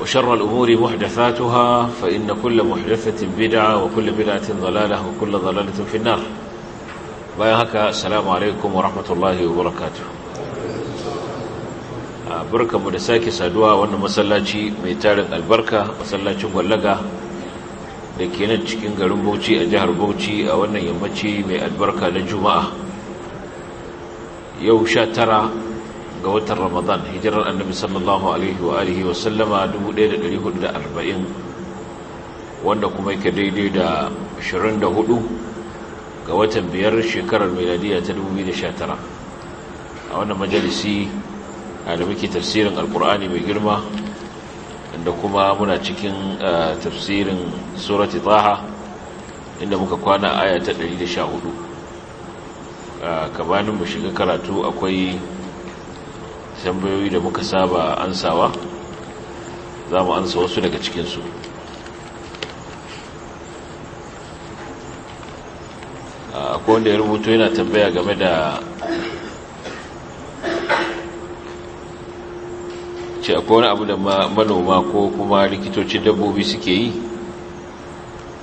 وشر الأمور محدثاتها فإن كل محدثة بدعة وكل بدعة ضلالة وكل ضلالة في النار بايهك السلام عليكم ورحمة الله وبركاته بركة مدساكي سادوا وانا مسلاتي ميتارن البركة مسلاتي مغلقة da ke nan cikin garin bauchi a jihar bauchi a wannan yammaci mai albarka na juma'a yau sha tara ga watan ramadan hijirar annabi sallallahu alaihi wa alihi wa sallama 1440 wanda kuma yake daidai da 24 ga watan biyar shekarar miladiya ta 2019 a wannan majalisi a da muke tafsirin alkur'ani mai girma da kuma muna cikin tafsirin surati taha inda muka kwana aya ta 114 gabanin mu shiga karatu akwai tambayoyi da muka saba ansawa za mu ansa wasu daga cikinsu ko wanda ya rubuto yana tambaya game da ce akwai wani abu da manoma ko kuma likitocin dabbobi suke yi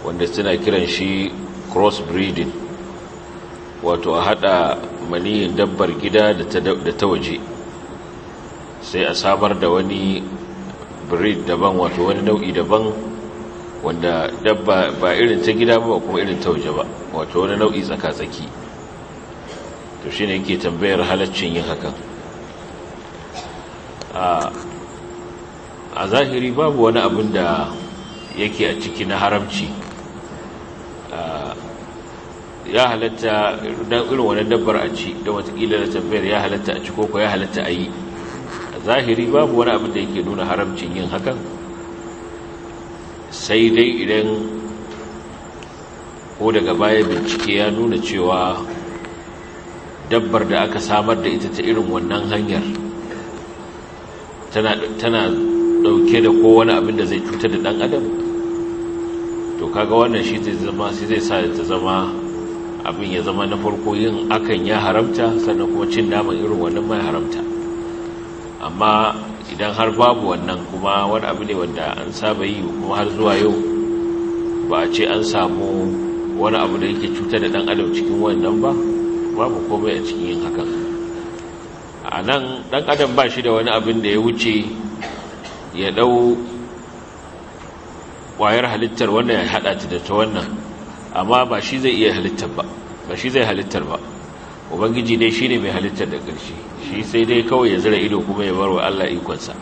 wanda suna kiran shi crossbreeding wato a hada maniyin dabbar gida da ta waje sai a samar da wani breed daban wato wani nau'i daban wanda dabba ba irin ta gida ba kuma irin ta waje ba wato wani nau'i tsaka-tsaki to shi ne yake tambayar halaccin yin hakan a zahiri babu wani abin da yake a ciki na haramci ya halatta don irin wani dabbar a ci don watakila da tambayar ya halatta a ci koko ya halatta a yi zahiri babu wani abin da yake nuna haramcin yin hakan sai dai idan ko daga baya bincike ya nuna cewa dabbar da aka samar da ita ta irin wannan hanyar tana dauke da kowane abin da zai cutar da dan adam to kaga wannan shi zai zama sai zai sa ta zama abin ya zama na farko yin akan ya haramta sannan kuma cin naman irin wannan mai haramta amma idan har babu wannan kuma wani abu ne wanda an saba yi kuma har zuwa yau ba a ce an samu wani abu da yake cutar da dan adam cikin wannan ba babu komai a cikin yin hakan a nan dan adam ba shi da wani abin da ya wuce ya dau kwayar halittar wannan ya hada ta da ta wannan amma ba shi zai iya halittar ba ba shi zai halittar ba ubangiji dai ne mai halittar da ƙarshe shi sai dai kawai ya zira ido kuma ya barwa Allah ikonsa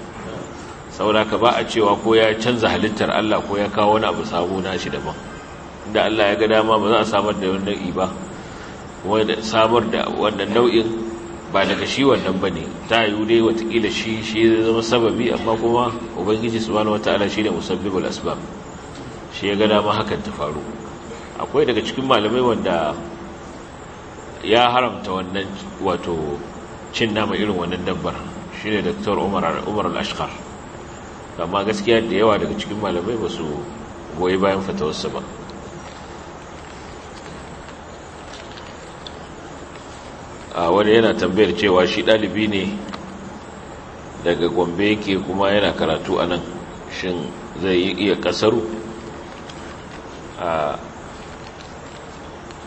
saboda ka ba a cewa ko ya canza halittar Allah ko ya kawo wani abu sabo na shi daban inda Allah ya ga dama ba za a samar da wani nau'i ba wanda samar da wannan nau'in ba daga shi wannan ba ne. ta yiwu dai watakila shi shi zai zama sababi amma kuma ubangiji subhanahu wataala shi ne musabbibul asbab shi ya ga dama hakan ta faru akwai daga cikin malamai wanda ya haramta wannan wato cin nama irin wannan dabbar shi ne daktar umar al-ashkar amma gaskiya da yawa daga cikin malamai ba su goyi bayan fatawarsa ba a wani yana tambayar cewa shi ɗalibi ne daga gombe yake kuma yana karatu a nan shin zai iya ƙasaru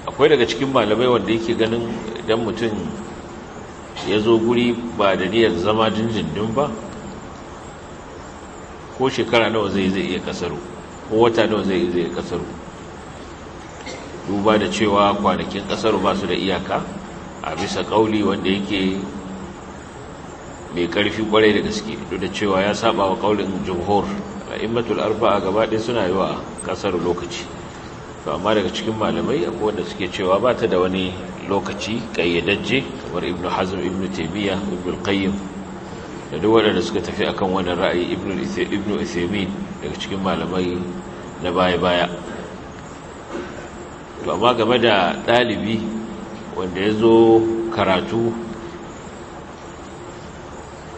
akwai daga cikin malamai wanda yake ganin idan mutum ya zo guri ba da niyyar zama jinjindin ba ko shekara nawa zai zai iya kasaru ko wata nawa zai zai kasaru duba da cewa kwanakin kasaru ba su da iyaka a bisa kauli wanda yake mai karfi kwarai da gaske duk da cewa ya saba wa kaulin jumhur imatul arba'a gaba ɗaya suna yi wa kasar lokaci to amma daga cikin malamai akwai wanda suke cewa ba ta da wani lokaci kayyadajje kamar ibnu hazm ibnu taymiya ibnu qayyim da duk waɗanda suka tafi akan wannan ra'ayi ibnu usaymin daga cikin malamai na baya-baya to amma game da ɗalibi wanda ya karatu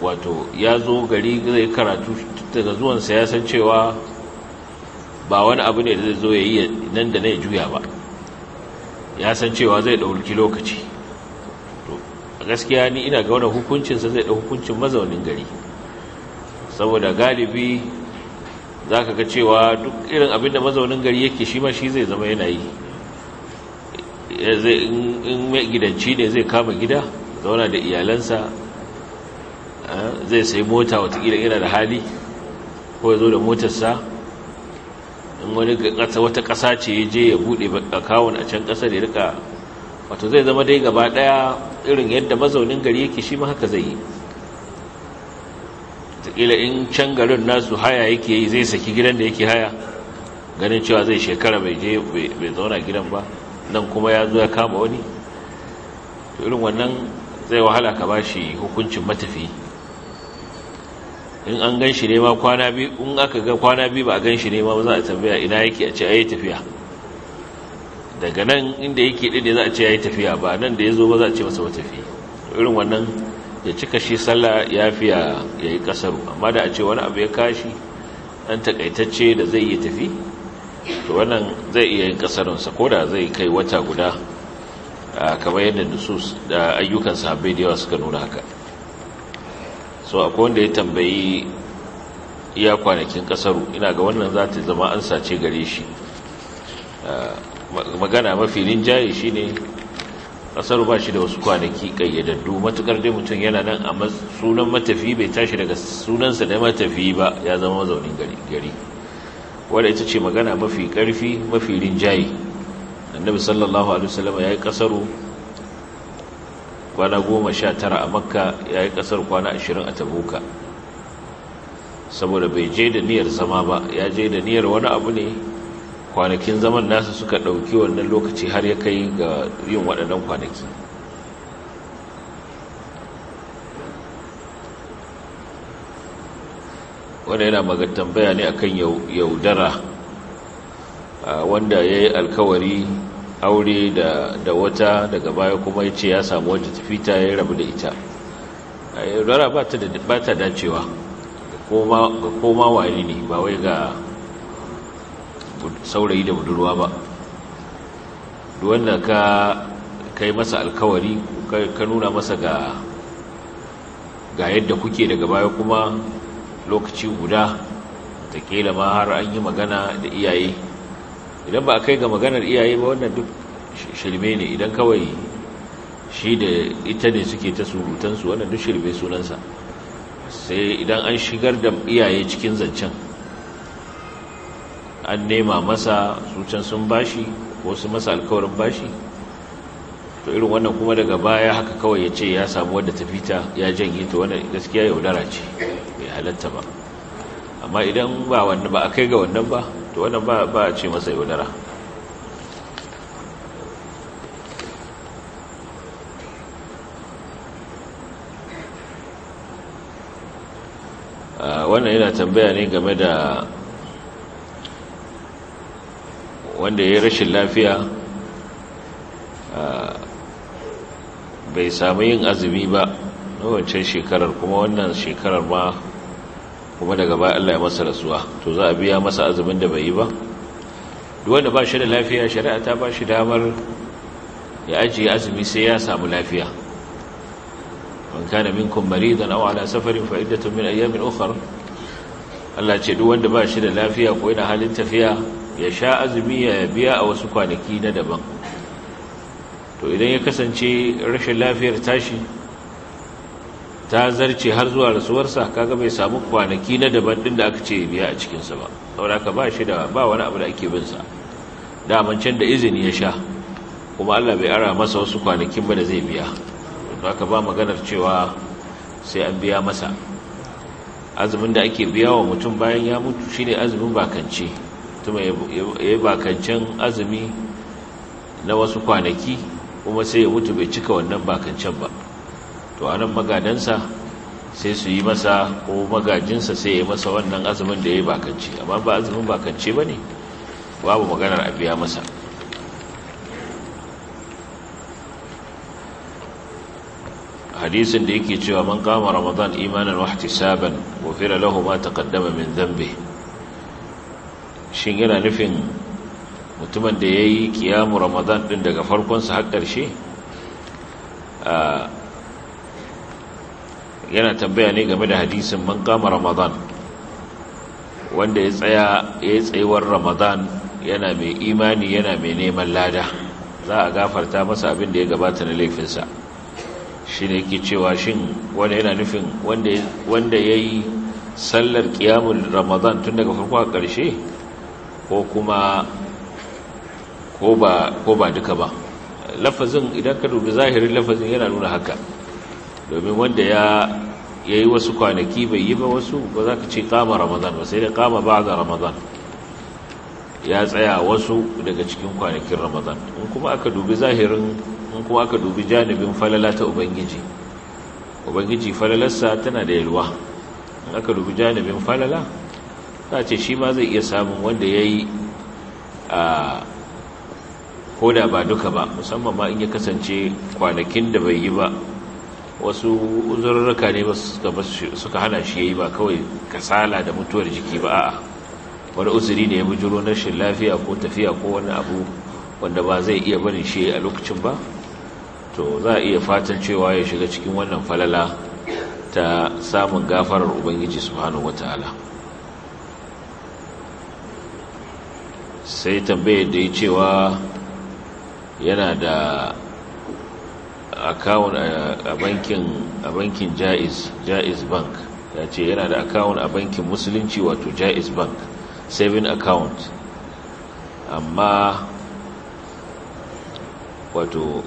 wato ya zo gari zai karatu daga zuwansa ya san cewa ba wani abu ne da zai zo ya yi nan da na juya ba ya san cewa zai ɗauki lokaci gaskiya ni ina ga wani hukuncinsa zai ɗau hukuncin mazaunin gari saboda galibi za ka ga cewa duk irin abinda mazaunin gari yake shi ma shi zai zama yanayi in mai gidanci ne zai kama gida zauna da iyalansa eh, zai sai mota watakila yana da hali ko ya zo da motarsa in wani wata ƙasa ce ya je ya buɗe akawun a can ƙasar ya rika wato zai zama dai gaba ɗaya irin yadda mazaunin gari yake shi ma haka zai yi taƙila in can garin nasu haya yake yi zai saki gidan da yake haya ganin cewa zai shekara bai je bai zauna gidan ba nan kuma ya zo ya kama wani irin wannan zai wahala ka ba shi hukuncin matafi in an gan shi nema kwana biyu in aka ga kwana biyu ba a gan shi ne ma za a tambaya ina yake a ce ayi tafiya daga nan inda yake ɗin za a ce ayi tafiya ba nan da ya zo ba za a ce masa matafi irin wannan ya cika shi sallah ya yayi ya yi kasaru amma da a ce wani abu ya kashi ɗan takaitacce da zai yi tafi to wannan zai iya yin kasarunsa ko da zai kai wata guda kamar yadda nusus da ayyukan sahabbai da yawa suka nuna haka so akwai wanda ya tambayi iya kwanakin kasaru ina ga wannan za ta zama an sace gare shi ah, magana mafi rinjaye shi ne kasaru ba shi da wasu kwanaki kayyadaddu matukar dai mutum yana nan a sunan matafi bai tashi daga sunansa da matafi ba ya zama mazaunin gari wadda ita ce magana mafi karfi mafi rinjaye annabi sallallahu alaihi wasallam ya yi kasaru kwana goma sha tara a makka ya yi kasar kwana ashirin a tabuka saboda bai je da niyar zama ba ya je da niyar wani abu ne kwanakin zaman nasa suka ɗauki wannan lokaci har ya kai ga yin waɗannan kwanaki wanda yana magatambaya ne akan yaudara wanda ya yi alkawari aure da wata daga baya kuma ya ce ya samu wata tafita ya rabu da ita rara ba ta dacewa ga koma wani ne ba wai ga saurayi da budurwa ba duwanda ka kai masa alkawari ka nuna masa ga ga yadda kuke daga baya kuma lokaci guda ta kela ma har an yi magana da iyaye idan ba a kai ga maganar iyaye ba wannan duk shirme ne idan kawai shi da ita ne suke ta surutansu wannan duk shirme sunansa sai idan an shigar da iyaye cikin zancen an nema masa sucan sun bashi ko su masa alkawarin bashi to irin wannan kuma daga baya haka kawai ya ce ya samu wadda ta fita ya janye ta wannan gaskiya yaudara ce mai halatta ba amma idan ba wannan ba a kai ga wannan ba to wannan ba ba a ce masa yaudara ah, wannan yana tambaya ne game da wanda ya rashin lafiya ah, bai sami yin azumi ba na wancan shekarar kuma wannan shekarar ma kuma daga baya Allah ya masa rasuwa to za a biya masa azumin da bai yi ba duk wanda ba shi da lafiya shari'a ta ba shi damar ya ajiye azumi sai ya samu lafiya man kana minkum maridan aw ala safarin fa iddatun min ayyamin ukhra Allah ce duk wanda ba shi da lafiya ko yana halin tafiya ya sha azumi ya biya a wasu kwanaki na daban to idan ya kasance rashin lafiyar tashi ta zarce har zuwa rasuwarsa kaga bai samu kwanaki na daban din da aka ce biya a cikinsa ba saboda ka ba shi da ba wani abu da ake bin sa mun can da izini ya sha kuma Allah bai ara masa wasu kwanakin ba da zai biya don haka ba maganar cewa sai an biya masa azumin da ake biya wa mutum bayan ya mutu shine azumin bakance tuma yayi bakancen azumi na wasu kwanaki kuma sai ya mutu bai cika wannan bakancen ba to anan magadansa sai su yi masa ko magajinsa sai ya yi masa wannan azumin da ya yi bakance amma ba azumin bakance ba ne babu maganar a biya masa hadisin da yake cewa man kama ramadan imanin wahti saban wafira lahu ma kaddama min zambe shin yana nufin mutumin da ya yi kiyamu ramadan din daga farkonsa har ƙarshe ah, yana tambaya ne game da hadisin man kama ramadan wanda ya tsaya ya tsayuwar ramadan yana mai imani yana mai neman lada za a gafarta masa abin da ya gabata na laifinsa shi ne ke cewa shin wanda yana nufin wanda ya yi sallar kiyamun ramadan tun daga farko a ƙarshe ko kuma ko ba duka ba lafazin idan ka dubi zahirin lafazin yana nuna haka domin wanda ya yayi wasu kwanaki bai yi ba wasu ba za ka ce kama ramadan ba sai da kama ba ga ramadan ya tsaya wasu daga cikin kwanakin ramadan in kuma aka dubi zahirin in kuma aka dubi janibin falala ta ubangiji ubangiji falalarsa tana da yalwa in aka dubi janibin falala za ce shi ma zai iya samun wanda ya yi a koda ba duka ba musamman ma in ya kasance kwanakin da bai yi ba wasu uzurruka ne suka hana shi ya yi ba kawai kasala da mutuwar jiki ba a'a wani uzuri ne ya bujuro na shi lafiya ko tafiya ko wani abu wanda ba zai iya barin shi a lokacin ba to za a iya fatan cewa ya shiga cikin wannan falala ta samun gafarar ubangiji subhanahu wataala sai tambayar da ya cewa yana da akawun a bankin jaiz jaiz bank ya ce yana da akawun a bankin musulunci wato jaiz bank saving account amma wato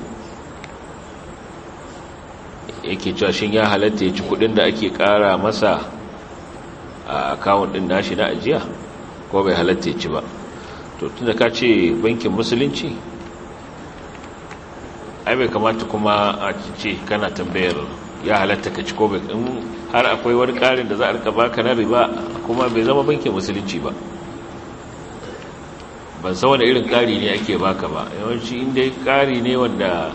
yake cewa shin ya halatta ya ci kudin da ake kara masa a akawun din nashi na ajiya ko bai halatta ya ci ba to da ka ce bankin musulunci ai bai kamata kuma a ce kana tambayar ya halatta ka ci ko bai in har akwai wani karin da za a rika baka na riba kuma bai zama bankin musulunci ba ban san wani irin kari ne ake baka ba yawanci inda kari ne wanda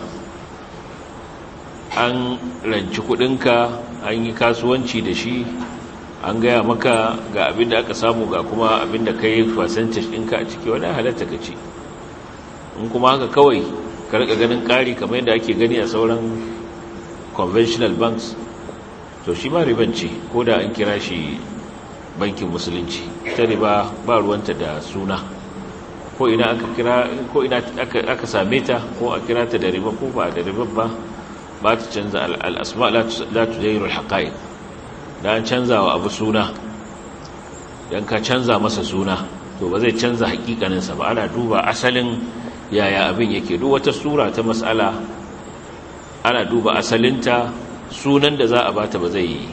an ranci kuɗinka an yi kasuwanci da shi an gaya maka ga abin da aka samu ga kuma abin da ka yi fasantar ɗinka a ciki wani halatta ka ci in kuma haka kawai karka ganin ƙari kamar yadda ake gani a sauran conventional banks to shi ma ribanci ko da an kira shi bankin musulunci ta ne ba ruwanta da suna ko ina aka kira ko ina aka same ta ko a kira ta da riba ko ba da riba ba ba ta canza al'asma la tudayru al Da an canza wa abu suna dan ka canza masa suna to ba zai canza hakikaninsa ba ana duba asalin yaya abin yake duk wata sura ta matsala, ana duba asalinta sunan da za a bata ba zai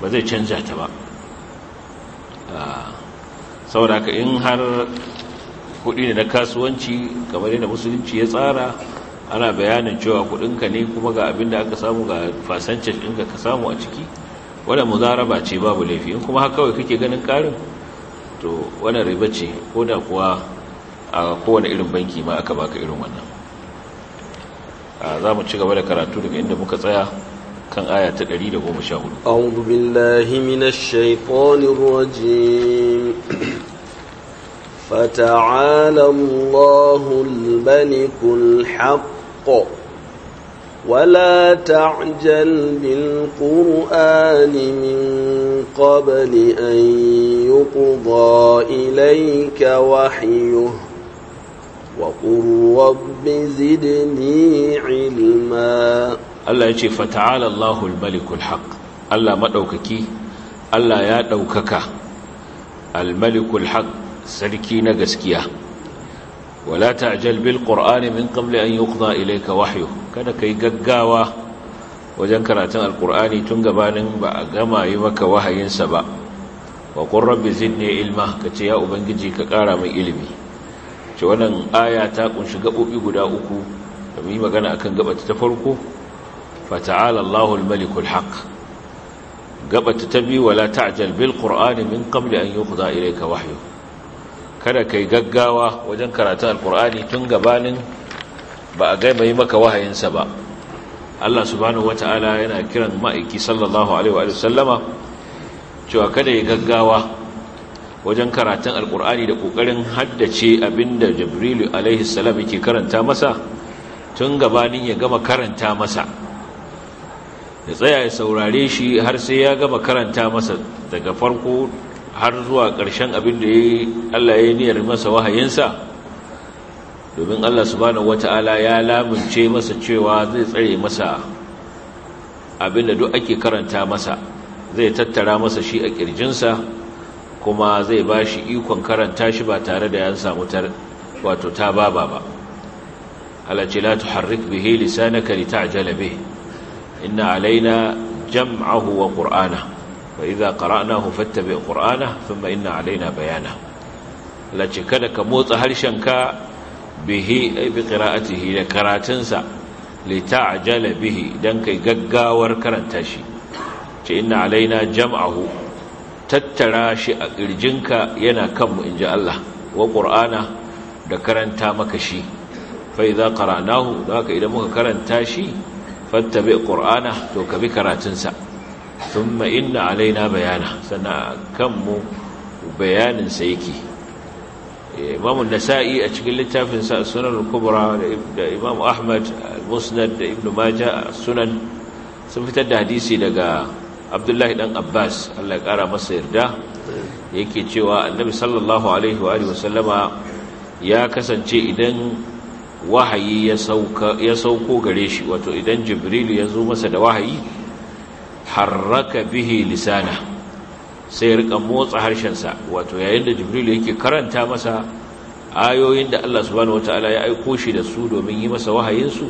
ba zai canja ta ba ah, saboda ka in har kudi ne na kasuwanci kamar yadda musulunci ya tsara ana bayanin cewa kudinka ne kuma ga abin da aka samu ga fasancin ɗinka ka samu a ciki wadda muzaraba ce babu laifi in kuma haka kawai kake ganin karin to wadda riba ce ko da kuwa a kowane irin banki ma aka baka irin wannan za mu ci gaba da karatu daga inda muka tsaya kan aya ta 114 a'udhu billahi minash shaitanir rajim fata'ala allahul malikul haqq ولا تعجل بالقرآن من قبل أن يقضى إليك وحيه وقل رب زدني علما الله يجي فتعالى الله الملك الحق الله مدوككي الله يا دوكك الملك الحق سلكي نغسكيا ولا تعجل بالقرآن من قبل أن يقضى إليك وحيه كان كي ققاوا وجن كراتن القرآن تنقبان بأقما يمك وحي سبا وقل رب زدني علما كتيا أبنجي كقارا من علمي ce wannan aya ta kunshi gaɓoɓi guda uku da mu yi magana akan gabata ta farko fata'ala Allahul malikul haq gabata ta biyu wala ta'jal bil qur'ani min qabli an yuqda ilayka wahyu kada kai gaggawa wajen karatu alqur'ani tun gabanin ba a ga maka wahayinsa ba Allah subhanahu wata'ala yana kiran ma'aiki sallallahu alaihi wa sallama cewa kada ya gaggawa wajen karatun alkur'ani da ƙoƙarin haddace abinda jibrilu alaihi salam yake karanta masa tun gabanin ya gama karanta masa ya tsaya ya saurare shi har sai ya gama karanta masa daga farko har zuwa ƙarshen abinda ya Allah ya niyar masa wahayinsa domin Allah subhanahu wata'ala ya lamunce masa cewa zai tsare masa abinda duk ake karanta masa zai tattara masa shi a ƙirjinsa. kuma zai ba shi ikon karanta shi ba tare da 'yan samu wato ta baba ba alace la tuharrik bihi lisanaka litajala bih inna alaina jam'ahu wa qur'ana fa idza qara'nahu fattabi qur'ana thumma inna alaina bayana alace kada ka motsa harshen ka bihi ay eh, bi qira'atihi da karatunsa litajala bihi dan kai gaggawar karanta shi ce inna alaina jam'ahu tattara shi a ƙirjinka yana kanmu in ji Allah wa ƙur'ana da karanta maka shi fai za ƙaranahu da idan muka karanta shi fatta bai ƙur'ana to ka bi karatunsa sun ma'ina alaina bayana sana kanmu bayaninsa yake eh, imamun nasa'i a cikin littafinsa a sunan kubra da imam ahmad musnad da ibn maja a sunan sun fitar da hadisi daga abdullahi dan abbas allah ya kara masa yarda yake cewa annabi sallallahu alaihi wa alihi wasallama ya kasance idan wahayi ya sauko gare shi wato idan jibrilu ya zo masa da wahayi harraka bihi lisana sai rika motsa harshensa wato yayin da jibrilu yake karanta masa ayoyin da Allah subhanahu wataala ya aiko shi da su domin yi masa wahayinsu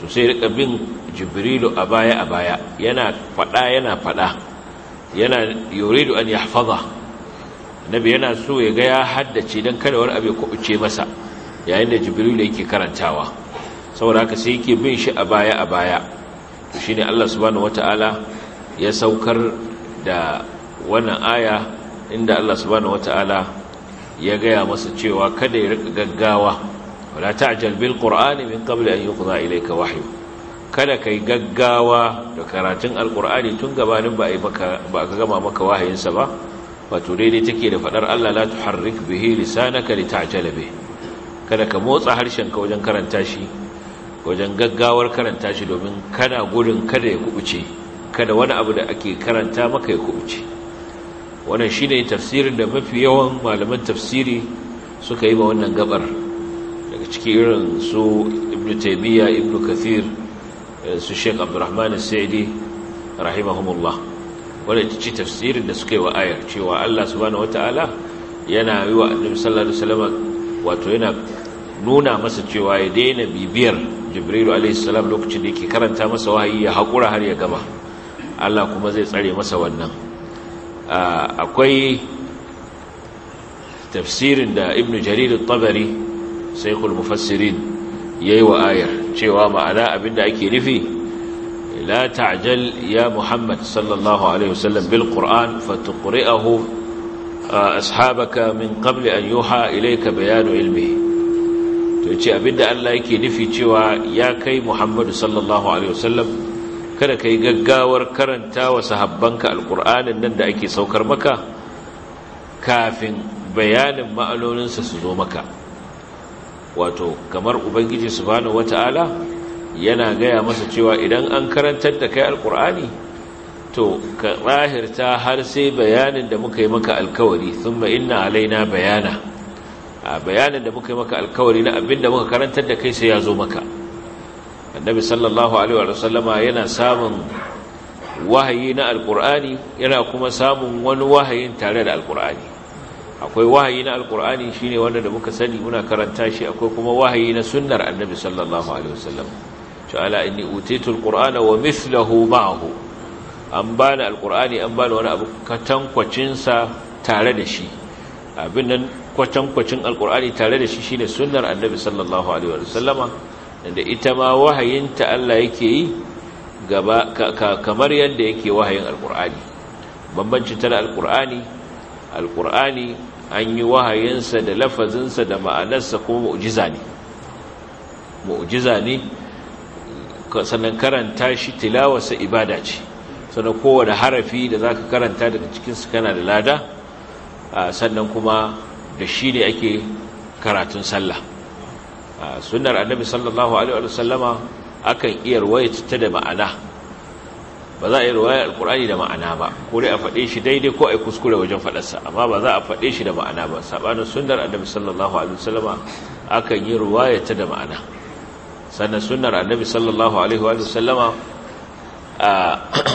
to sai rika bin jibrilu a baya a baya yana fada yana fada yana yuridu an yahfaza nabi yana so ya ga ya haddace dan kada wani abu ya kubuce masa yayin da jibrilu yake karantawa saboda haka sai yake bin shi a baya a baya to shine Allah subhanahu wataala ya saukar da wannan aya inda Allah subhanahu wataala ya gaya masa cewa kada ya rika gaggawa wala ta'jal bil qur'ani min qabl an yuqda ilayka wahyu kada kai gaggawa da karatun alqur'ani tun gabanin ba ai maka ba ka gama maka wahayinsa ba wato daidai take da fadar Allah la tuharrik bihi lisanaka litajala bi kada ka motsa harshen ka wajen karanta shi wajen gaggawar karanta shi domin kana gurin kada ya kubuce kada wani abu da ake karanta maka ya kubuce wannan shine tafsirin da mafi yawan malaman tafsiri suka yi ba wannan gabar cikin irin su ibn taimiyya ibn kathir eh, su sheikh abdurrahman as-sa'di rahimahumullah wanda ci tafsirin da suka yi wa ayar cewa Allah subhanahu wataala yana yi wa annabi sallallahu alaihi wato yana nuna masa cewa ya daina bibiyar jibrilu alaihi salam lokacin da yake karanta masa wahayi ya haƙura har ya gaba Allah kuma zai tsare masa wannan ah, akwai tafsirin da ibn jarir tabari shaykhul mufassirin yayi wa ayar cewa ma'ana abinda ake nufi la ta'jal ya muhammad sallallahu alaihi wasallam bil qur'an fatuqri'ahu ashabaka min qabl an yuha ilayka ilmi. ilmihi to yace abinda Allah yake nufi cewa ya kai muhammad sallallahu alaihi wasallam kada kai gaggawar karanta wa sahabbanka alqur'anin nan da ake saukar maka kafin bayanin ma'alolinsa su zo maka wato kamar ubangiji subhanahu wata'ala yana gaya masa cewa idan an karantar da kai alkur'ani to ka zahirta har sai bayanin da muka yi maka alkawari thumma inna alaina bayana a bayanin da muka yi maka alkawari na abinda muka karantar da kai sai ya zo maka annabi sallallahu alaihi wa sallama yana samun wahayi na alkur'ani yana kuma samun wani wahayin tare da alkur'ani akwai wahayi na alkur'ani ne wanda da muka sani muna karanta shi akwai kuma wahayi na sunnar annabi sallallahu alaihi wasallam ta'ala inni utitu alqur'ana wa mithluhu ma'ahu an bani alqur'ani an bani wani abu katankwacin sa tare da shi abin nan kwatankwacin alkur'ani tare da shi shine sunnar annabi sallallahu alaihi wasallama da ita ma wahayinta Allah yake yi gaba kamar yadda yake wahayin alkur'ani bambancin tana alkur'ani alkur'ani an yi wahayinsa da lafazinsa da ma'anarsa kuma mu'jiza ne mu'jiza ne sannan karanta shi tilawarsa ibada ce sannan kowane harafi da za ka karanta daga cikinsu kana da lada sannan kuma da shi ne ake karatun sallah Sunar annabi sallallahu alaihi wasallama akan iya ruwaya ta da ma'ana ba za a yi ruwayar alkur'ani da ma'ana ba ko dai a faɗe shi daidai ko a yi kuskure wajen faɗarsa amma ba za a faɗe shi da ma'ana ba saɓanin sunnar annabi sallallahu alaihi wasallama aka yi ruwaya ta da ma'ana sannan sunnar annabi sallallahu alaihi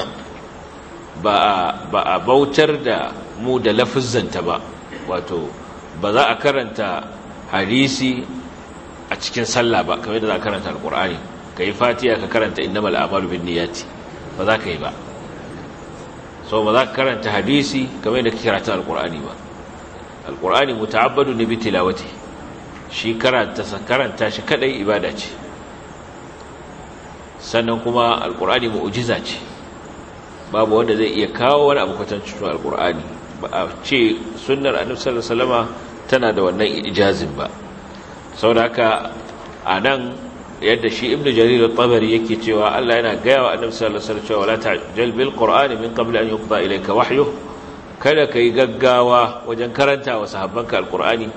ba a bautar da mu da ta ba wato ba za a karanta hadisi a cikin sallah ba kamar da za a karanta alkur'ani ka yi fatiya ka karanta innamal amalu bin niyyati ba za ka yi ba sau ba za ka karanta hadisi kamar da karatun alkur'ani ba alkur'ani muta'abbadu ne bi tilawati shi karanta karanta shi kadai ibada ce sannan kuma alkur'ani mu'ujiza ce babu wanda zai iya kawo wani abu cikin alkur'ani ba a ce sunnar annabi sallallahu tana da wannan ijazin ba Sau da haka a nan yadda shi ibnu jarir al-tabari yake cewa Allah yana gaya wa annabi sallallahu alaihi wasallam cewa wala ta'jal bil qur'ani min qabl an yuqda ilayka wahyu kada kai gaggawa wajen karanta wa sahabbanka al-qur'ani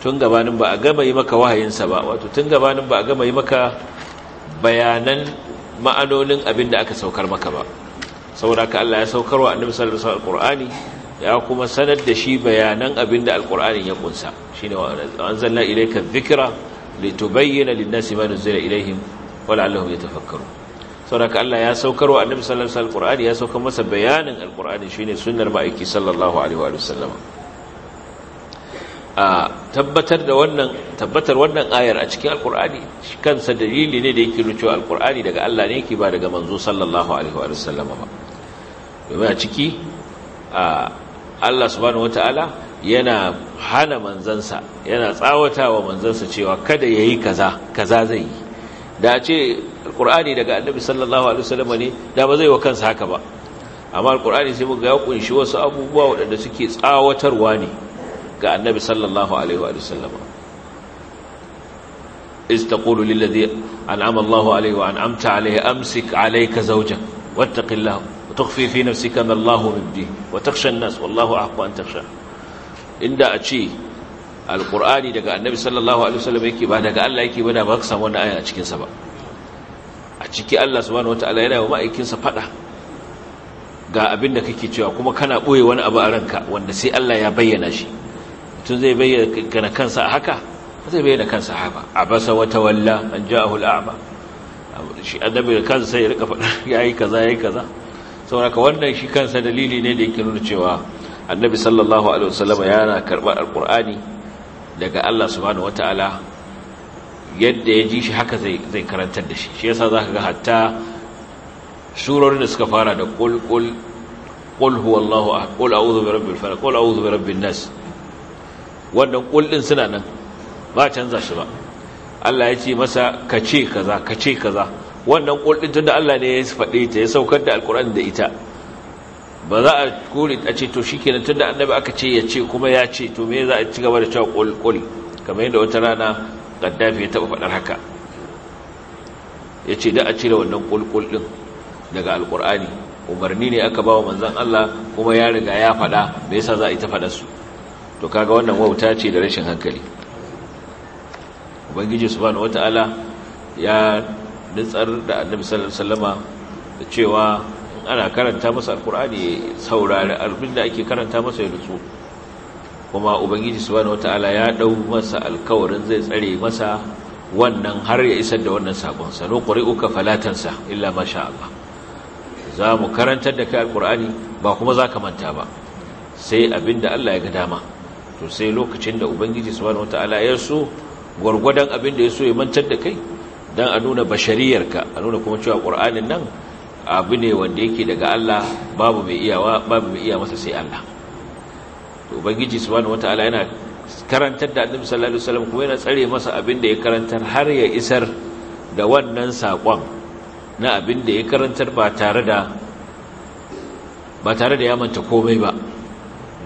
tun gabanin ba a gama yi maka sa ba wato tun gabanin ba a gama yi maka bayanan ma'anonin abin da aka saukar maka ba saboda ka Allah ya saukar wa annabi sallallahu alaihi wasallam al-qur'ani ya kuma sanar da shi bayanan abin da al-qur'ani ya kunsa shine wa anzalna ilayka dhikra litubayyana lin-nasi ma nuzila ilaihim wa la'allahum yatafakkarun saboda Allah ya saukar wa Annabi sallallahu alaihi wasallam ya saukar masa bayanin alqur'ani shine sunnar ma'aiki sallallahu alaihi wa sallam a tabbatar da wannan tabbatar wannan ayar a cikin alqur'ani kansa dalili ne da yake nuna alqur'ani daga Allah ne yake ba daga manzo sallallahu alaihi wa sallam ba domin a ciki Allah subhanahu wataala yana hana manzansa yana tsawatawa manzansa cewa kada yayi kaza kaza zai yi da ce alqur'ani daga annabi sallallahu alaihi wasallam ne da ba zai wa kansa haka ba amma alqur'ani sai muga ya kunshi wasu abubuwa waɗanda suke tsawatarwa ne ga annabi sallallahu alaihi wasallam إذ وتخفي في نفسك ما الله وتخشى الناس والله أن تخشاه inda a ce alkur'ani daga annabi sallallahu alaihi wasallam yake ba daga Allah yake ba da ba ka samu wannan aya a cikin sa ba a ciki Allah subhanahu wataala yana wa ma'aikin sa fada ga abin da kake cewa kuma kana boye wani abu a ranka wanda sai Allah ya bayyana shi mutum zai bayyana kansa a haka zai bayyana kansa a haka abasa wa tawalla an ja'ahu al'ama shi annabi kansa sai ya rika fada yayi kaza yayi kaza saboda ka wannan shi kansa dalili ne da yake nuna cewa annabi sallallahu alaihi wasallam yana karɓar alkur'ani daga Allah subhanahu wataala yadda ya ji shi haka zai zai karantar da shi shi yasa zaka ga hatta surorin da suka fara da qul qul qul huwallahu ahad qul a'udhu birabbil falaq qul a'udhu birabbin nas wannan qul din suna nan ba canza shi ba Allah ya ce masa kace kaza kace kaza wannan qul din tunda Allah ne ya faɗe ta ya saukar da alkur'ani da ita ba za a kore a ce to shikenan tunda annabi aka ce ya ce kuma ya ce to me za a ci gaba da cewa kulkul kamar yadda wata rana Gaddafi ya taba faɗar haka yace da a cire wannan kulkul ɗin daga alkur'ani umarni ne aka ba wa manzan Allah kuma ya riga ya faɗa me yasa za a yi ta faɗa su to kaga wannan wauta ce da rashin hankali ubangiji subhanahu wataala ya nutsar da annabi sallallahu alaihi cewa ana karanta masa alkur'ani ya saurari abin da ake karanta masa ya nutsu kuma ubangiji su subhanahu wataala ya ɗau masa alkawarin zai tsare masa wannan har ya isar da wannan sakon sa no uka falatansa illa ma sha Allah za mu karantar da kai alkur'ani ba kuma za ka manta ba sai abinda Allah ya ga dama to sai lokacin da ubangiji su subhanahu wataala ya so gwargwadon da ya so ya mantar da kai don a nuna bashariyarka a nuna kuma cewa ƙur'anin nan abu ne wanda yake daga Allah babu mai iyawa babu mai iya masa sai Allah to ubangiji subhanahu wataala yana karantar da annabi sallallahu alaihi wasallam kuma yana tsare masa abin da ya karantar har ya isar da wannan sakon na abin da ya karantar ba tare da ba tare da ya manta komai ba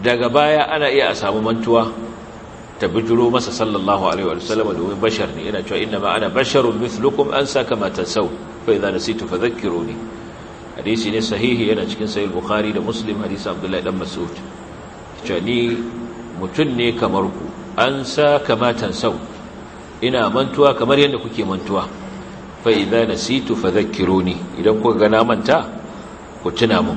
daga baya ana iya a samu mantuwa ta bijiro masa sallallahu alaihi wa da domin bashar ne yana cewa inna ma ana basharun mithlukum an saka ma sau. fa idza nasitu fadhakkiruni hadisi ne sahihi yana cikin sahih bukhari da muslim hadisi abdullahi dan mas'ud ce ni mutun ne kamar ku an sa kamatan sau ina mantuwa kamar yadda kuke mantuwa fa idza nasitu fadhakkiruni idan kuka ga na manta ku tuna mu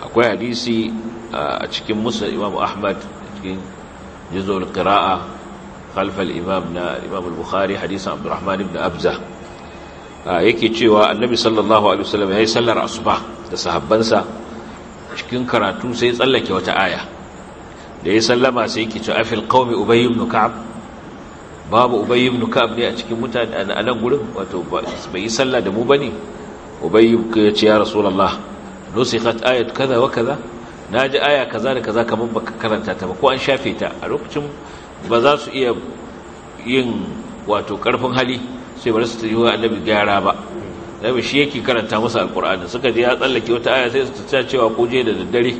akwai hadisi a cikin Musa imam ahmad cikin juzul qira'a خلف الإمام الإمام البخاري حديث عبد الرحمن بن أبزة Ah, yake cewa annabi sallallahu alaihi wasallam yayi sallar asuba da sahabbansa cikin karatu sai tsallake wata aya da ya sallama sai yake cewa afil qaumi ubay ibn ka'ab babu ubay ibn ne a cikin mutane a nan gurin wato bai sallah da mu bane ubay ya ce ya rasulullah nusikhat ayat kaza wa kaza naji aya kaza da kaza kamar baka karanta ta ba ko an shafe ta a lokacin ba za su iya yin wato karfin hali sai bari su yi wa annabi gyara ba annabi shi yake karanta musu alkur'ani suka je ya tsallake wata aya sai su ta cewa ko je da daddare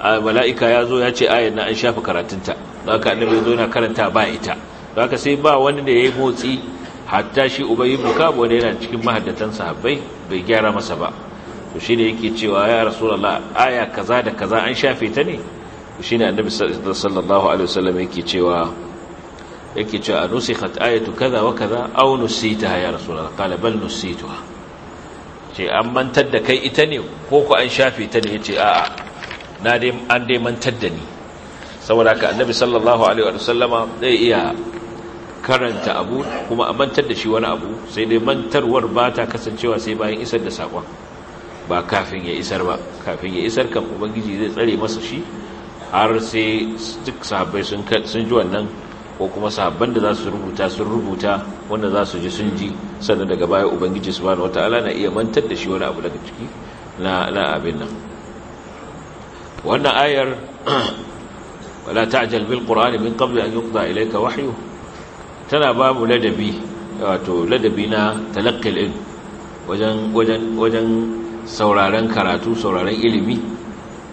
mala'ika ya zo ya ce ayan na an shafa karatunta don haka annabi ya zo yana karanta ba ita don haka sai ba wani da ya yi motsi hatta shi ubayi ibn kab wanda yana cikin mahaddatan sahabbai bai gyara masa ba to shine yake cewa ya rasulullah aya kaza da kaza an shafe ta ne shine annabi sallallahu alaihi wasallam yake cewa yake cewa nusikhat ayatu kaza wa kaza aw nusitaha ya rasulullah qala bal nusituha ce an mantar da kai ita ne ko ko an shafe ta ne yace a'a na dai an dai mantar da ni saboda haka annabi sallallahu alaihi wa sallama zai iya karanta abu kuma a mantar da shi wani abu sai dai mantarwar ba ta kasancewa sai bayan isar da sakon ba kafin ya isar ba kafin ya isar kan ubangiji zai tsare masa shi har sai duk sahabbai sun ji wannan ko kuma sahabban da za su rubuta sun rubuta wanda za su ji sun ji sannan daga baya ubangiji su subhanahu wataala na iya mantar da shi wani abu daga ciki na abin nan wannan ayar wala ta'jal bil qur'ani min qabli an yuqda ilayka wahyu tana babu ladabi wato ladabi na talaqqil ilm wajen wajen karatu sauraron ilimi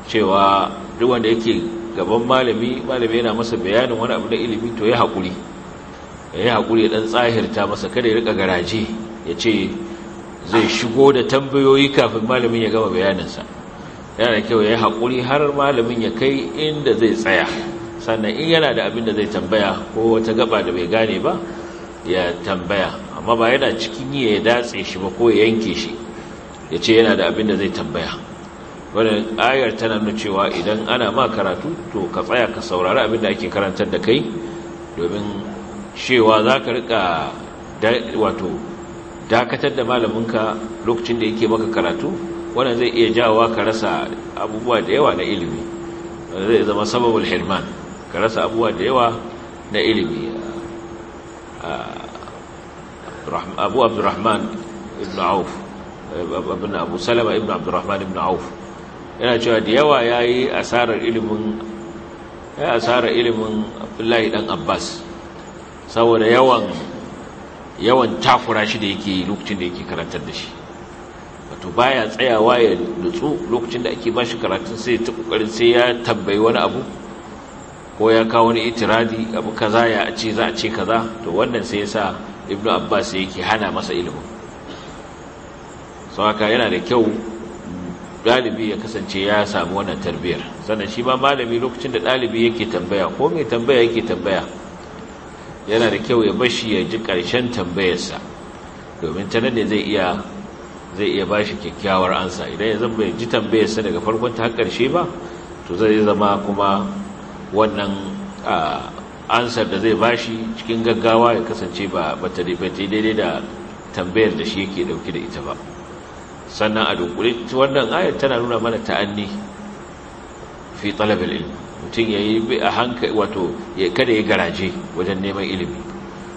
cewa duk wanda yake gaban malami malami yana masa bayanin wani abu na ilimi to ya haƙuri ya haƙuri ya ɗan tsahirta masa kada ya riƙa garaje ya ce zai shigo da tambayoyi kafin malamin ya gama bayaninsa yana da kyau ya yi haƙuri har malamin ya kai inda zai tsaya sannan in yana da abin da zai tambaya ko wata gaba da bai gane ba ya tambaya amma ba yana cikin yi ya datse shi ba ko ya yanke shi ya ce yana da abin da zai tambaya wani ayar tana nuna cewa idan ana ma karatu to ka tsaya ka saurari abin da ake karantar da kai domin cewa za ka rika wato dakatar da malaminka lokacin da yake maka karatu wani zai iya jawa ka rasa abubuwa da yawa na ilimi zai zama sababul hirman ka rasa abubuwa da yawa na ilimi abu abdurrahman ibn auf abu salama ibn abdurrahman ibn auf yana cewa da yawa ya yi asarar ilimin ya asarar ilimin abdullahi dan abbas saboda yawan yawan takura shi da yake lokacin da yake karantar da shi wato baya tsayawa ya nutsu lokacin da ake bashi karatun sai ta kokarin sai ya tambayi wani abu ko ya kawo wani itiradi abu kaza ya ce za a ce kaza to wannan sai yasa ibnu abbas yake hana masa ilimin Sawaka yana da kyau Dalibi ya kasance ya samu wannan tarbiyyar sannan shi ma malami lokacin da ɗalibi yake tambaya ko mai tambaya yake tambaya yana da kyau ya bashi ya ji ƙarshen tambayarsa domin ta nan ne zai iya zai iya ba kyakkyawar ansa idan ya zama ji tambayarsa daga farkon ta har karshe ba to zai zama kuma wannan ansar da zai bashi cikin gaggawa ya kasance ba ba ta daidai da tambayar da shi yake ɗauke da ita ba sannan a dunkule wannan ayar tana nuna mana ta'anni fi talabar ilmi mutum ya yi a hankali wato ya kada ya garaje wajen neman ilimi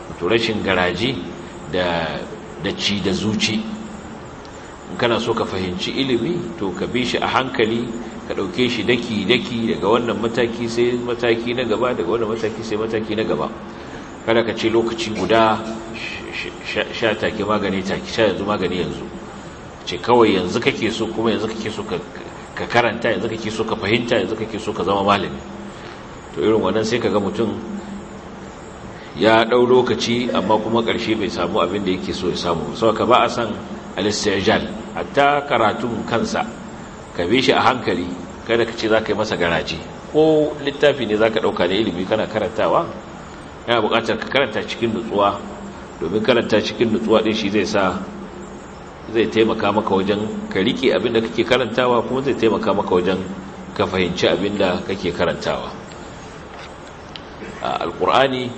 wato rashin garaje da ci da zuci kana so ka fahimci ilimi to ka bi shi a hankali ka ɗauke shi daki-daki daga wannan mataki sai mataki na gaba daga wannan mataki sai mataki na gaba kada ka ce lokaci guda sha take magani take sha yanzu magani yanzu ce kawai yanzu kake so kuma yanzu kake so ka karanta yanzu kake so ka fahimta yanzu kake so ka zama malami to irin wannan sai ka ga mutum ya dau lokaci amma kuma ƙarshe bai samu abin da yake so ya samu ka ba a san alistair istijal hatta karatun kansa ka bi shi a hankali kada ka ce za ka yi masa garaje ko littafi ne za ka ɗauka da ilimi kana karantawa yana buƙatar ka karanta cikin nutsuwa domin karanta cikin nutsuwa ɗin shi zai sa zai taimaka maka wajen ka rike abin da kake karantawa kuma zai taimaka maka wajen ka fahimci abin da kake karantawa a alkur'ani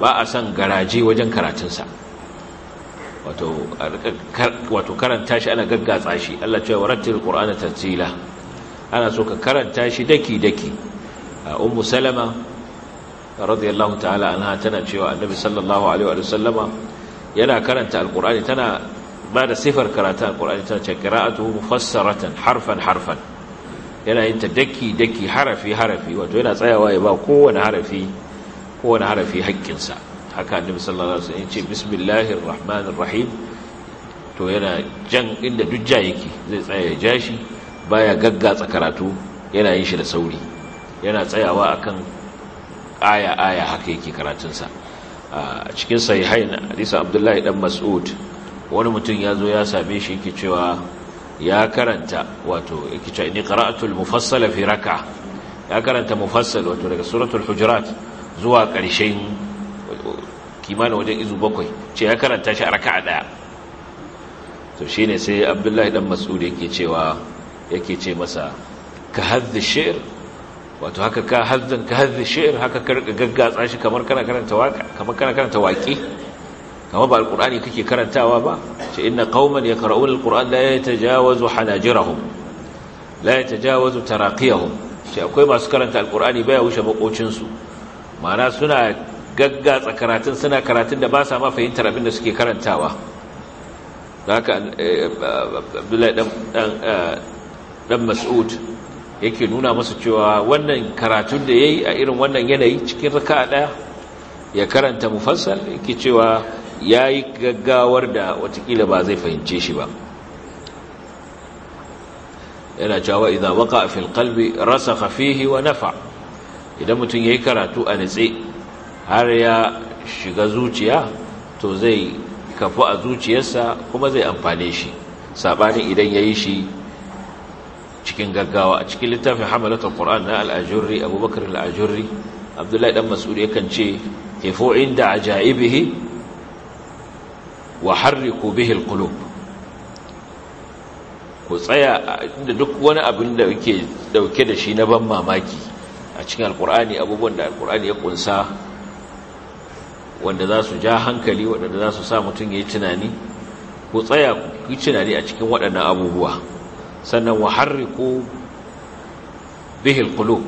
ba a son garaje wajen karatunsa wato karanta shi ana gaggatsa shi Allah cewa warattil qur'ana tartila ana so ka karanta shi daki daki ummu salama radiyallahu ta'ala anha tana cewa annabi sallallahu alaihi wa sallama yana karanta alqur'ani tana ba da sifar karatu alqur'ani ta ce qira'atuhu mufassaratan harfan harfan yana yin ta daki daki harafi harafi wato yana tsayawa ya ba kowane harafi kowane harafi haƙƙinsa haka annabi sallallahu alaihi wasallam ya ce bismillahir rahmanir rahim to yana jan inda dujja yake zai tsaya ya ja shi baya gaggatsa karatu yana yin shi da sauri yana tsayawa akan aya aya haka yake karatunsa a cikin sahihain hadisi abdullahi dan mas'ud wani mutum ya zo ya same shi ke cewa ya karanta wato ke cewa ni qara'atul mufassala fi raka ya karanta mufassal wato daga suratul hujurat zuwa ƙarshen kimanin wajen izu bakwai ce ya karanta shi a raka'a daya to shine sai abdullahi ɗan mas'ud yake cewa yake ce masa ka hadhi shi'r wato haka ka hazzan ka hadhi shi'r haka ka gaggatsa shi kamar kana karanta waka kamar kana karanta waki kama ba alkur'ani kake karantawa ba ce inna ya yaqra'una alquran la yatajawazu hanajirahum la yatajawazu taraqiyahum ce akwai masu karanta alkur'ani baya wuce makocin su ma'ana suna gaggatsa karatun suna karatun da ba sa ma fahimtar abin da suke karantawa haka eh, abdullahi eh, mas'ud yake nuna masu cewa wannan karatun da yayi a irin wannan yanayi cikin raka'a ɗaya ya karanta mufassal yake cewa ya yi gaggawar da watakila ba zai fahimce shi ba yana cewa idza waqa fil qalbi rasakha fihi wa nafa idan mutum ya yi karatu a nitse har ya shiga zuciya to zai kafu a zuciyarsa kuma zai amfane shi sabanin idan yayi shi cikin gaggawa a cikin littafin hamalatul qur'an na al abubakar al-ajurri abdullahi dan masudi yakan ce kefo inda ajaibihi Waharri ko bihil alqulub ku tsaya da duk wani abin da yake dauke da shi na ban mamaki a cikin alqur'ani abubuwan da alqur'ani ya kunsa wanda za su ja hankali wanda za su sa mutum ya yi tunani ku tsaya ku tunani a cikin waɗannan abubuwa sannan waharri ko bihil qulub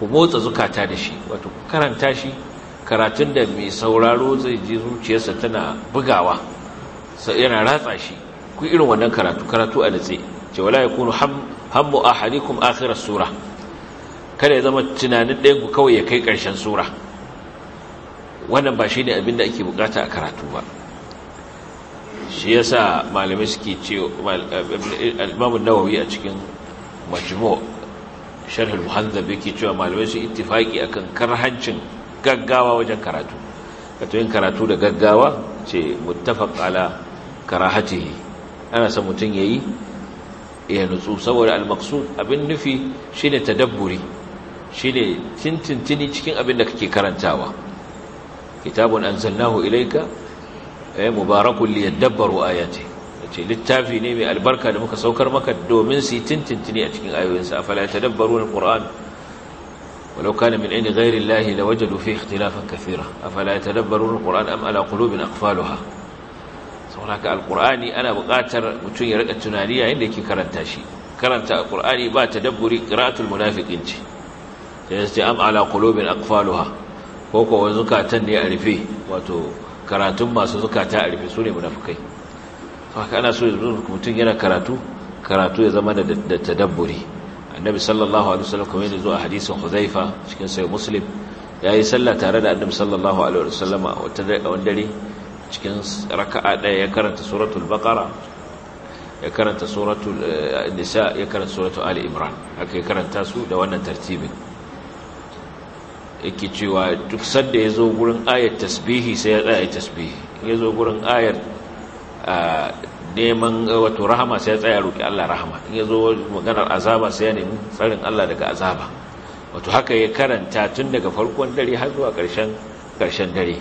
ku motsa zukata da shi wato ku karanta shi karatun da mai sauraro zai ji zuciyarsa tana bugawa yana ratsa shi ku irin wannan karatu karatu a natse ce wala yakunu hammu ahadikum akhirar sura kada ya zama tunanin ɗayan ku kawai ya kai ƙarshen sura wannan ba shi ne abin da ake bukata a karatu ba shi yasa malamai suke ce al-imam nawawi a cikin majmu' sharh al-muhaddab yake cewa malamai su ittifaqi akan karhancin gaggawa wajen karatu wato yin karatu da gaggawa ce muttafaq ala karahatihi ana son mutum yayi ya nutsu saboda al abin nufi shine tadabburi shine tintintini cikin abin da kake karantawa kitabun anzalnahu ilayka ay eh, mubarakun liyadabbaru ayati ce littafi ne mai albarka da muka saukar maka domin su tintintini a cikin ayoyinsa afala tadabbaruna na quran ولو كان من عند غير الله لوجدوا فيه اختلافا كثيرا أفلا يتدبرون القرآن أم على قلوب أقفالها saboda alkur'ani ana buƙatar mutum ya rika tunani yayin da yake karanta shi karanta alkur'ani ba dabburi qira'atul munafiqin ce sai sai am ala qulubin aqfaluha ko ko zukatan ne a rufe wato karatun masu zukata a rufe sune munafikai saboda ana so mutum yana karatu karatu ya zama da tadabburi annabi sallallahu alaihi wasallam kuma yana zuwa hadisin Hudhaifa cikin sahih Muslim yayi sallah tare da annabi sallallahu alaihi wasallama wata wani dare cikin raka'a daya ya karanta suratul baqara ya karanta suratul eh, nisa ya karanta suratul ali imran haka ya karanta su da wannan tartibin yake cewa duk sanda ya zo gurin ayar tasbihi sai ya tsaya tasbihi ya zo gurin ayar ah, neman eh, wato rahama sai ya tsaya roƙi Allah rahama in ya zo maganar azaba sai ya nemi tsarin Allah daga azaba wato haka ya karanta tun daga farkon dare har zuwa ƙarshen ƙarshen dare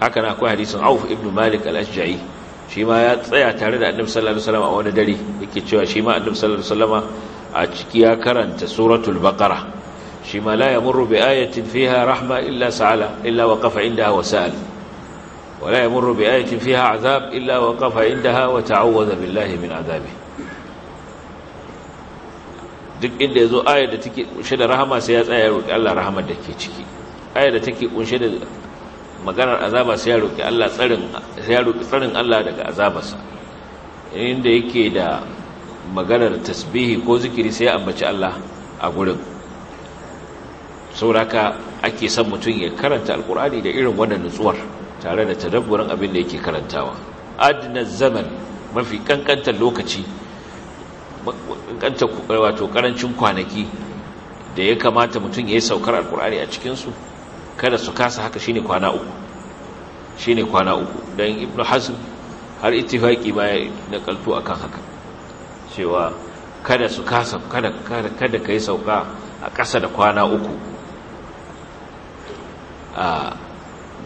haka na akwai hadisin Auf ibn Malik al-Ashja'i shi ma ya tsaya tare da Annabi sallallahu alaihi wasallam a wani dare yake cewa shi ma Annabi sallallahu alaihi wasallam a ciki ya karanta suratul baqara shi ma la yamurru bi ayatin fiha rahma illa sa'ala illa waqafa indaha wa sa'ala ولا يمر بآية فيها عذاب إلا وقف عندها وتعوذ بالله من عذابه duk inda ya zo ayar da take kunshe da rahama sai ya tsaya roƙi Allah rahama da ke ciki ayar da take kunshe da maganar azaba sai ya roƙi Allah tsarin sai ya roƙi tsarin Allah daga azabarsa inda yake da maganar tasbihi ko zikiri sai ya ambaci Allah a gurin sauraka ake son mutum ya karanta alkur'ani da irin wannan nutsuwar tare da tadabburin abin da yake karantawa adna zaman mafi kankantar lokaci kankantar wato karancin kwanaki da ya kamata mutum ya yi saukar alkur'ani a cikinsu kada su kasa haka shine kwana uku shine kwana uku don ibnu hazm har ittifaki ma ya nakalto akan haka cewa kada su kasa kada kada kai sauka a ƙasa da kwana uku a ah,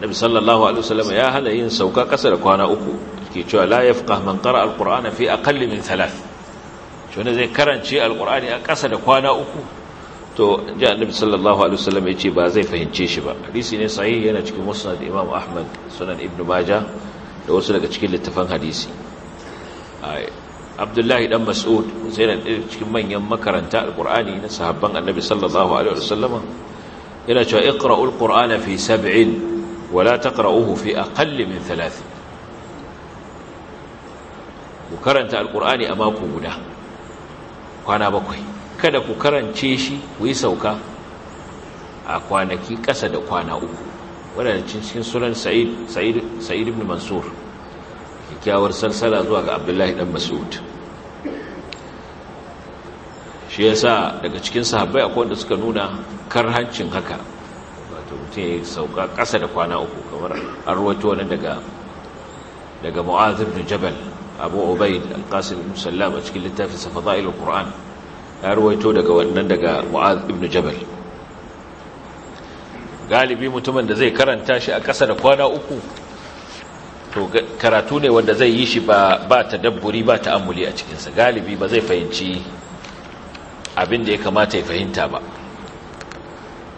nabi sallallahu alaihi wasallam ya hana yin sauka kasa da kwana uku ke cewa la yafqah man qara alqur'ana fi aqall min thalath shi wanda zai karance alqur'ani a kasa da kwana uku to ji annabi sallallahu alaihi wasallam ya ce ba zai fahimce shi ba hadisi ne sahihi yana cikin musnad imam ahmad sunan ibnu majah da wasu daga cikin littafan hadisi abdullahi dan mas'ud sai da cikin manyan makaranta alqur'ani na sahabban annabi sallallahu alaihi wasallama yana cewa iqra'ul qur'ana fi sab'in wala taqra'uhu fi aqall min thalath ku karanta Alƙur'ani a mako guda kwana bakwai kada ku karance shi ku yi sauka a kwanaki ƙasa da kwana uku wadanda cikin sunan sa'id ibn mansur kyakkyawar salsala zuwa ga abdullahi dan mas'ud shi yasa daga cikin sahabbai akwai wanda suka nuna karhancin haka mutum ya sauka ƙasa da kwana uku kamar an ruwato wani daga daga mu'azir da jabal abu obaid alƙasir musallam a cikin littafin safada ilil ƙura'an ya ruwaito daga wannan daga mu'azir da jabal galibi mutumin da zai karanta shi a ƙasa da kwana uku to karatu ne wanda zai yi shi ba ta dabburi ba ta amuli a cikinsa galibi ba zai fahimci abin da ya kamata ya fahimta ba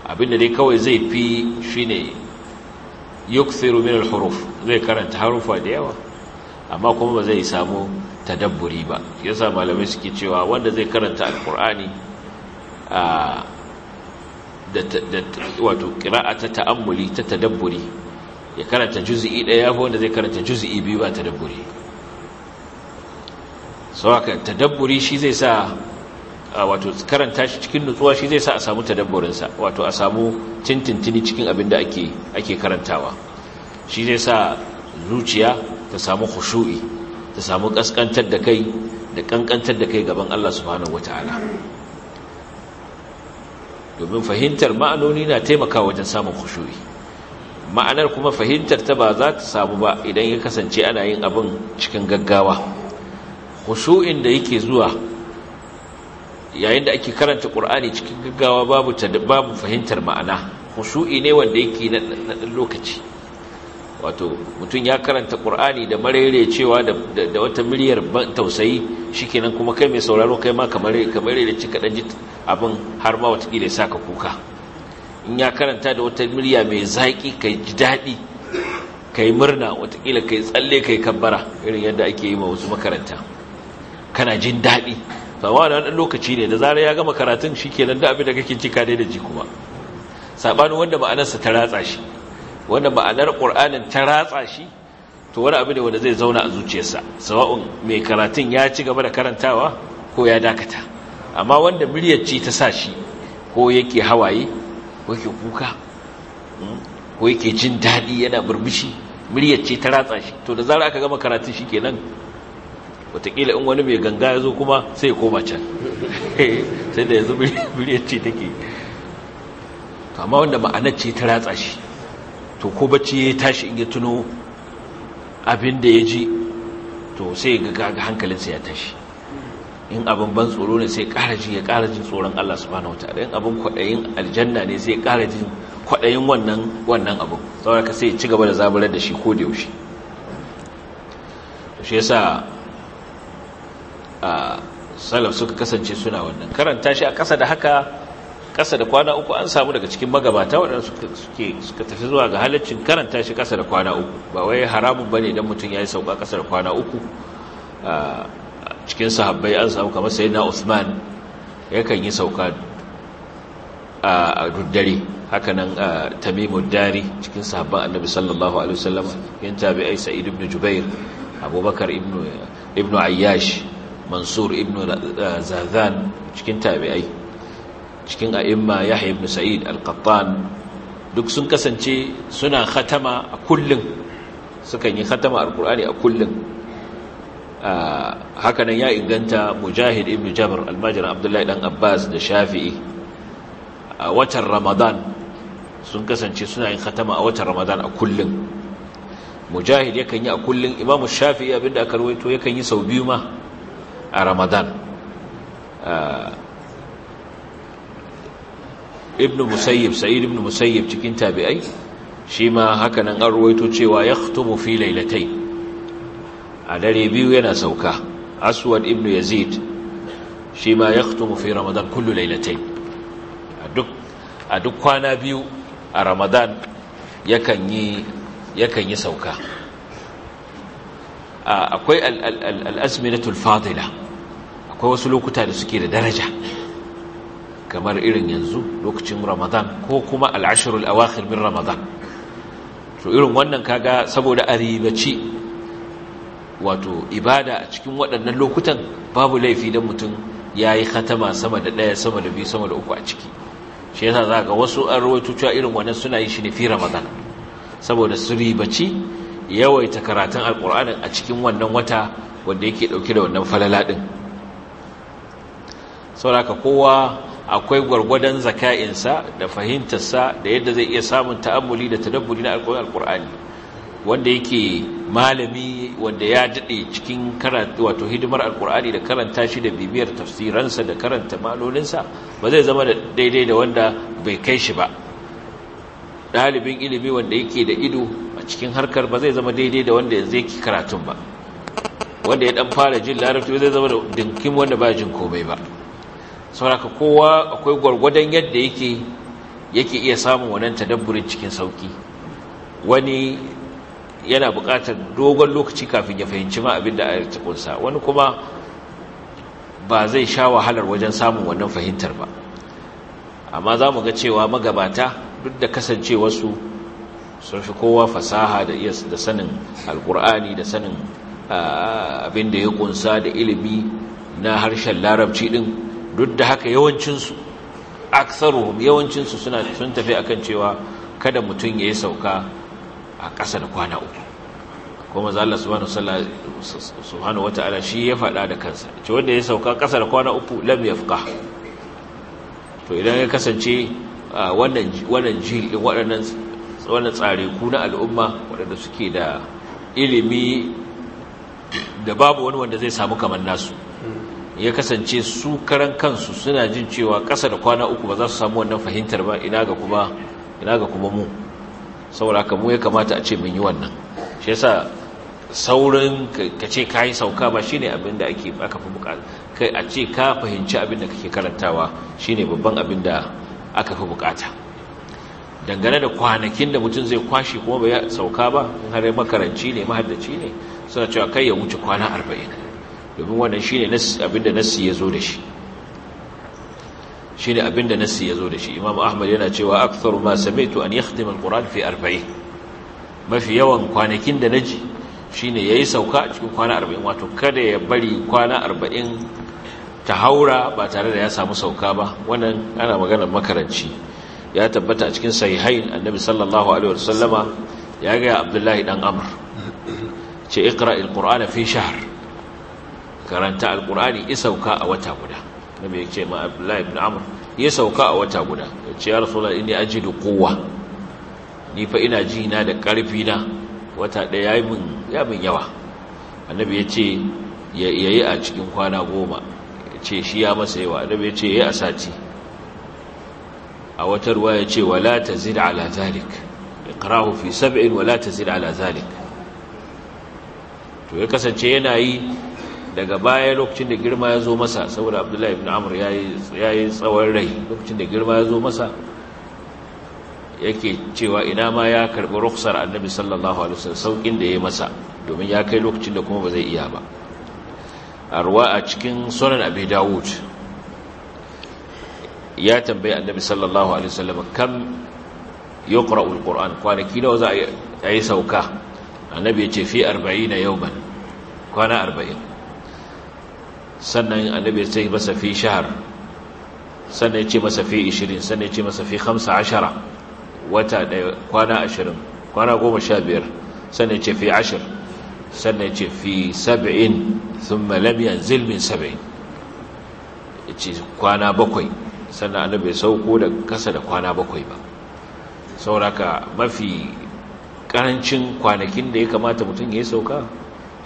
abinda dai kawai zai fi shine yukthiru min al-huruf zai karanta harufa da yawa amma kuma ba zai samu tadabburi ba yasa malamai suke cewa wanda zai karanta al-qur'ani a da wato qira'a ta ta'ammuli ta tadabburi ya karanta juz'i daya ko wanda zai karanta juz'i biyu ba tadabburi sawaka tadabburi shi zai sa wato karanta shi cikin nutsuwa shi zai sa a samu tadabburinsa wato a samu tintintini cikin abin da ake ake karantawa shi zai sa zuciya ta samu khushu'i ta samu kaskantar da kai da kankantar da kai gaban Allah subhanahu wataala domin fahimtar ma'anoni na taimakawa wajen samun khushu'i ma'anar kuma fahimtar ta ba za ta samu ba idan ya kasance ana yin abin cikin gaggawa khushu'in da yake zuwa yayin da ake karanta qur'ani cikin gaggawa babu fahimtar ma'ana khushu'i ne wanda yake na dan lokaci wato mutum ya karanta qur'ani da marere cewa da wata miliyar tausayi shikenan kuma kai mai sauraro kai ma kamar kamar da cika dan abin har ma wata kila saka kuka in ya karanta da wata miliya mai zaki kai ji dadi kai murna wata kila kai tsalle kai kabbara irin yadda ake yi ma wasu makaranta kana jin daɗi. tsawana wani lokaci ne da zarar ya gama karatun shi kenan da abin da kake cika ne da ji kuma saɓanin wanda ma'anarsa ta ratsa shi wanda ma'anar ƙur'anin ta ratsa shi to wani abu da wanda zai zauna a zuciyarsa sawa'un mai karatun ya ci gaba da karantawa ko ya dakata amma wanda muryar ci ta sa shi ko yake hawaye ko yake kuka hmm, ko yake jin daɗi yana burbushi muryar ce ta ratsa shi to da zarar aka gama karatun shi kenan wataƙila in wani mai ganga ya zo kuma sai ya koma can sai da yanzu zo ce take kama wanda ma'anar ce ta ratsa shi to ko bacci ya tashi in ya tuno abin da ya ji to sai ga hankalinsa ya tashi in abin ban tsoro ne sai ƙara ji ya ƙara jin tsoron Allah subhanahu wataala in abin kwaɗayin aljanna ne sai ƙara jin kwaɗayin wannan wannan abin saboda ka sai ci gaba da zaburar da shi ko da yaushe shi yasa a salaf suka kasance suna wannan karanta shi a ƙasa da haka ƙasa da kwana uku an samu daga cikin magabata waɗanda suka tafi zuwa ga halaccin karanta shi ƙasa da kwana uku ba wai haramun ba ne don mutum ya yi sauka ƙasa da kwana uku cikin sahabbai an samu kamar sai usman yakan yi sauka a duddare hakanan tamimun dari cikin sahabban annabi sallallahu alaihi wasallam yan tabi'ai sa'id ibn jubair abubakar ibn ayyash mansur ibn uh, zazan cikin tabi'ai cikin a'imma yahya ibn sa'id al-qattan duk sun kasance suna khatama a kullum sukan yi khatama alqur'ani a kullum uh, hakanan ya inganta mujahid ibn jabr almajir abdullahi dan abbas da shafi'i a watan ramadan sun kasance suna yin khatama a watan ramadan a kullum mujahid yakan yi a kullum imamu shafi'i abinda aka rawaito yakan yi sau biyu ma a ah, ramadan ah, ibn musayyib sa'id ibn musayyib cikin tabi'ai shi ma haka nan an ruwaito cewa ya khtumu fi lailatai a dare biyu yana sauka aswad ibn yazid shi ma ya khtumu fi ramadan kullu lailatai a duk kwana biyu a ramadan yakan yi sauka ah, akwai al'azminatul fadila akwai wasu lokuta da suke da daraja kamar irin yanzu lokacin ramadan ko kuma al'ashirul awakhir min ramadan to irin wannan kaga saboda aribaci wato ibada a cikin waɗannan lokutan babu laifi don mutum ya yi khatama sama da ɗaya sama da biyu sama da uku a ciki shi yasa za ga wasu an rawaito cewa irin wannan suna yi shi ne fi ramadan saboda su ribaci yawaita karatun alƙur'anin a cikin wannan wata wanda yake ɗauke da wannan falala ɗin sauraka kowa akwai gwargwadon zaka'insa da fahimtarsa da yadda zai iya samun ta'ammuli da tadabburi na alkur'ani wanda yake malami wanda ya daɗe cikin karatu wato hidimar alkur'ani da karanta shi da bibiyar tafsiransa da karanta malolinsa ba zai zama da daidai da wanda bai kai shi ba ɗalibin ilimi wanda yake da ido a cikin harkar ba zai zama daidai da wanda yanzu yake karatun ba wanda ya ɗan fara jin larabci zai zama da dinkin wanda ba jin komai ba sauraka kowa akwai gwargwadon yadda yake yake iya samun wannan tadabburin cikin sauki wani yana buƙatar dogon lokaci kafin ya fahimci ma abin da ayar kunsa wani kuma ba zai sha wahalar wajen samun wannan fahimtar ba amma za mu ga cewa magabata duk da kasancewarsu sun fi kowa fasaha da iya da sanin alkur'ani da sanin ah, abin da ya ƙunsa da ilimi na harshen larabci ɗin. duk da haka yawancinsu aksaruhum yawancinsu suna sun tafi akan cewa kada mutum ya yi sauka a ƙasa da kwana uku kuma Allah subhanahu ta'ala shi ya faɗa da kansa ce wanda ya sauka ƙasa da kwana uku lam yafqa to idan ya kasance wannan wannan jil waɗannan wannan tsare ku na al'umma waɗanda suke da ilimi da babu wani wanda zai samu kamar nasu ya kasance su karan kansu suna jin cewa kasa da kwana uku ba za su samu wannan fahimtar ba ina ga kuma mu saboda haka mu ya kamata a ce mun yi wannan shi yasa saurin ka ce ka yi sauka ba shine abin da ake aka fi bukata kai a ce ka fahimci abin da kake karantawa shine babban abin da aka fi bukata dangane da kwanakin da mutum zai kwashe kuma bai sauka ba in har makaranci ne mahaddaci ne suna cewa kai ya wuce kwana arba'in domin wannan shine abinda nassi ya zo da shi shine abinda nassi ya zo da shi imam ahmad yana cewa aktharu ma sami'tu an yakhdima alquran fi 40 mafi yawan kwanakin da naji shine yayi sauka a cikin kwana 40 wato kada ya bari kwana 40 ta haura ba tare da ya samu sauka ba wannan ana maganar makaranci ya tabbata a cikin sahihain annabi sallallahu alaihi wasallama ya ga abdullahi dan amr ce iqra alqur'ana fi shahr karanta alkur'ani ya sauka a wata guda nabi ya ce ma abdullahi ibn amr ya sauka a wata guda ya ce ya a ji da kowa ni fa ina ji na da karfi na wata daya ya min yawa annabi ya ce ya yi a cikin kwana goma ya ce shi ya masa yawa annabi ya ce ya yi a sati a wata ruwa ya ce wala tazid ala zalik iqrahu fi sab'in wala tazid ala zalik to ya kasance yana yi daga baya lokacin da girma ya zo masa saboda abdullahi ibn amur ya yi tsawon rai lokacin da girma ya zo masa yake cewa ina ma ya karɓi rukhsar annabi sallallahu alaihi wasallam saukin da ya masa domin ya kai lokacin da kuma ba zai iya ba a ruwa a cikin sunan abi dawud ya tambayi annabi sallallahu alaihi wasallam kam yuqra'ul qur'an kwanaki nawa za a yi sauka annabi ya ce fi 40 yawman kwana arba'in. sannan annabi ya ce masa fi shahar sannan ya ce masa fi ishirin sannan ya ce masa fi hamsa ashara wata ɗaya kwana ashirin kwana goma sha biyar sannan ya ce fi ashir sannan ya ce fi saba'in sun malamiyan zilmin saba'in ya ce kwana bakwai sannan annabi ya sauko da kasa da kwana bakwai ba sauraka mafi ƙarancin kwanakin da ya kamata mutum ya yi sauka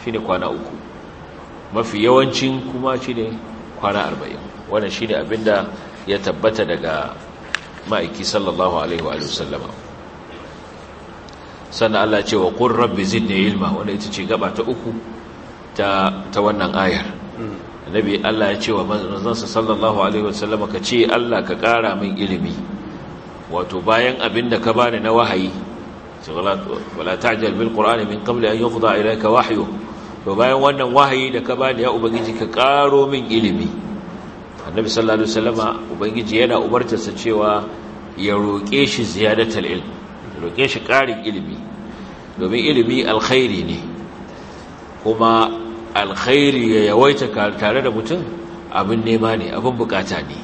shine kwana uku mafi yawancin kuma shi ne kwana arba'in wannan shi ne abinda ya tabbata daga ma'aiki sallallahu alaihi wa sallama sannan Allah ce wa kun rabbi zidni ilma wanda ita ce gaba ta uku ta wannan ayar nabi Allah ya ce wa manzansa sallallahu alaihi wa sallama ka ce Allah ka kara min ilimi wato bayan abinda ka bani na wahayi wala ta'jal bil qur'ani min qabli an yuqda ilayka wahyu to bayan wannan wahayi da ka bani ya ubangiji ka karo min ilimi annabi sallallahu alaihi wasallama ubangiji yana umartarsa cewa ya roƙe shi ziyadatul ilm roƙe shi ƙarin ilimi domin ilimi alkhairi ne kuma alkhairi ya yawaita tare da mutum abin nema ne abin bukata ne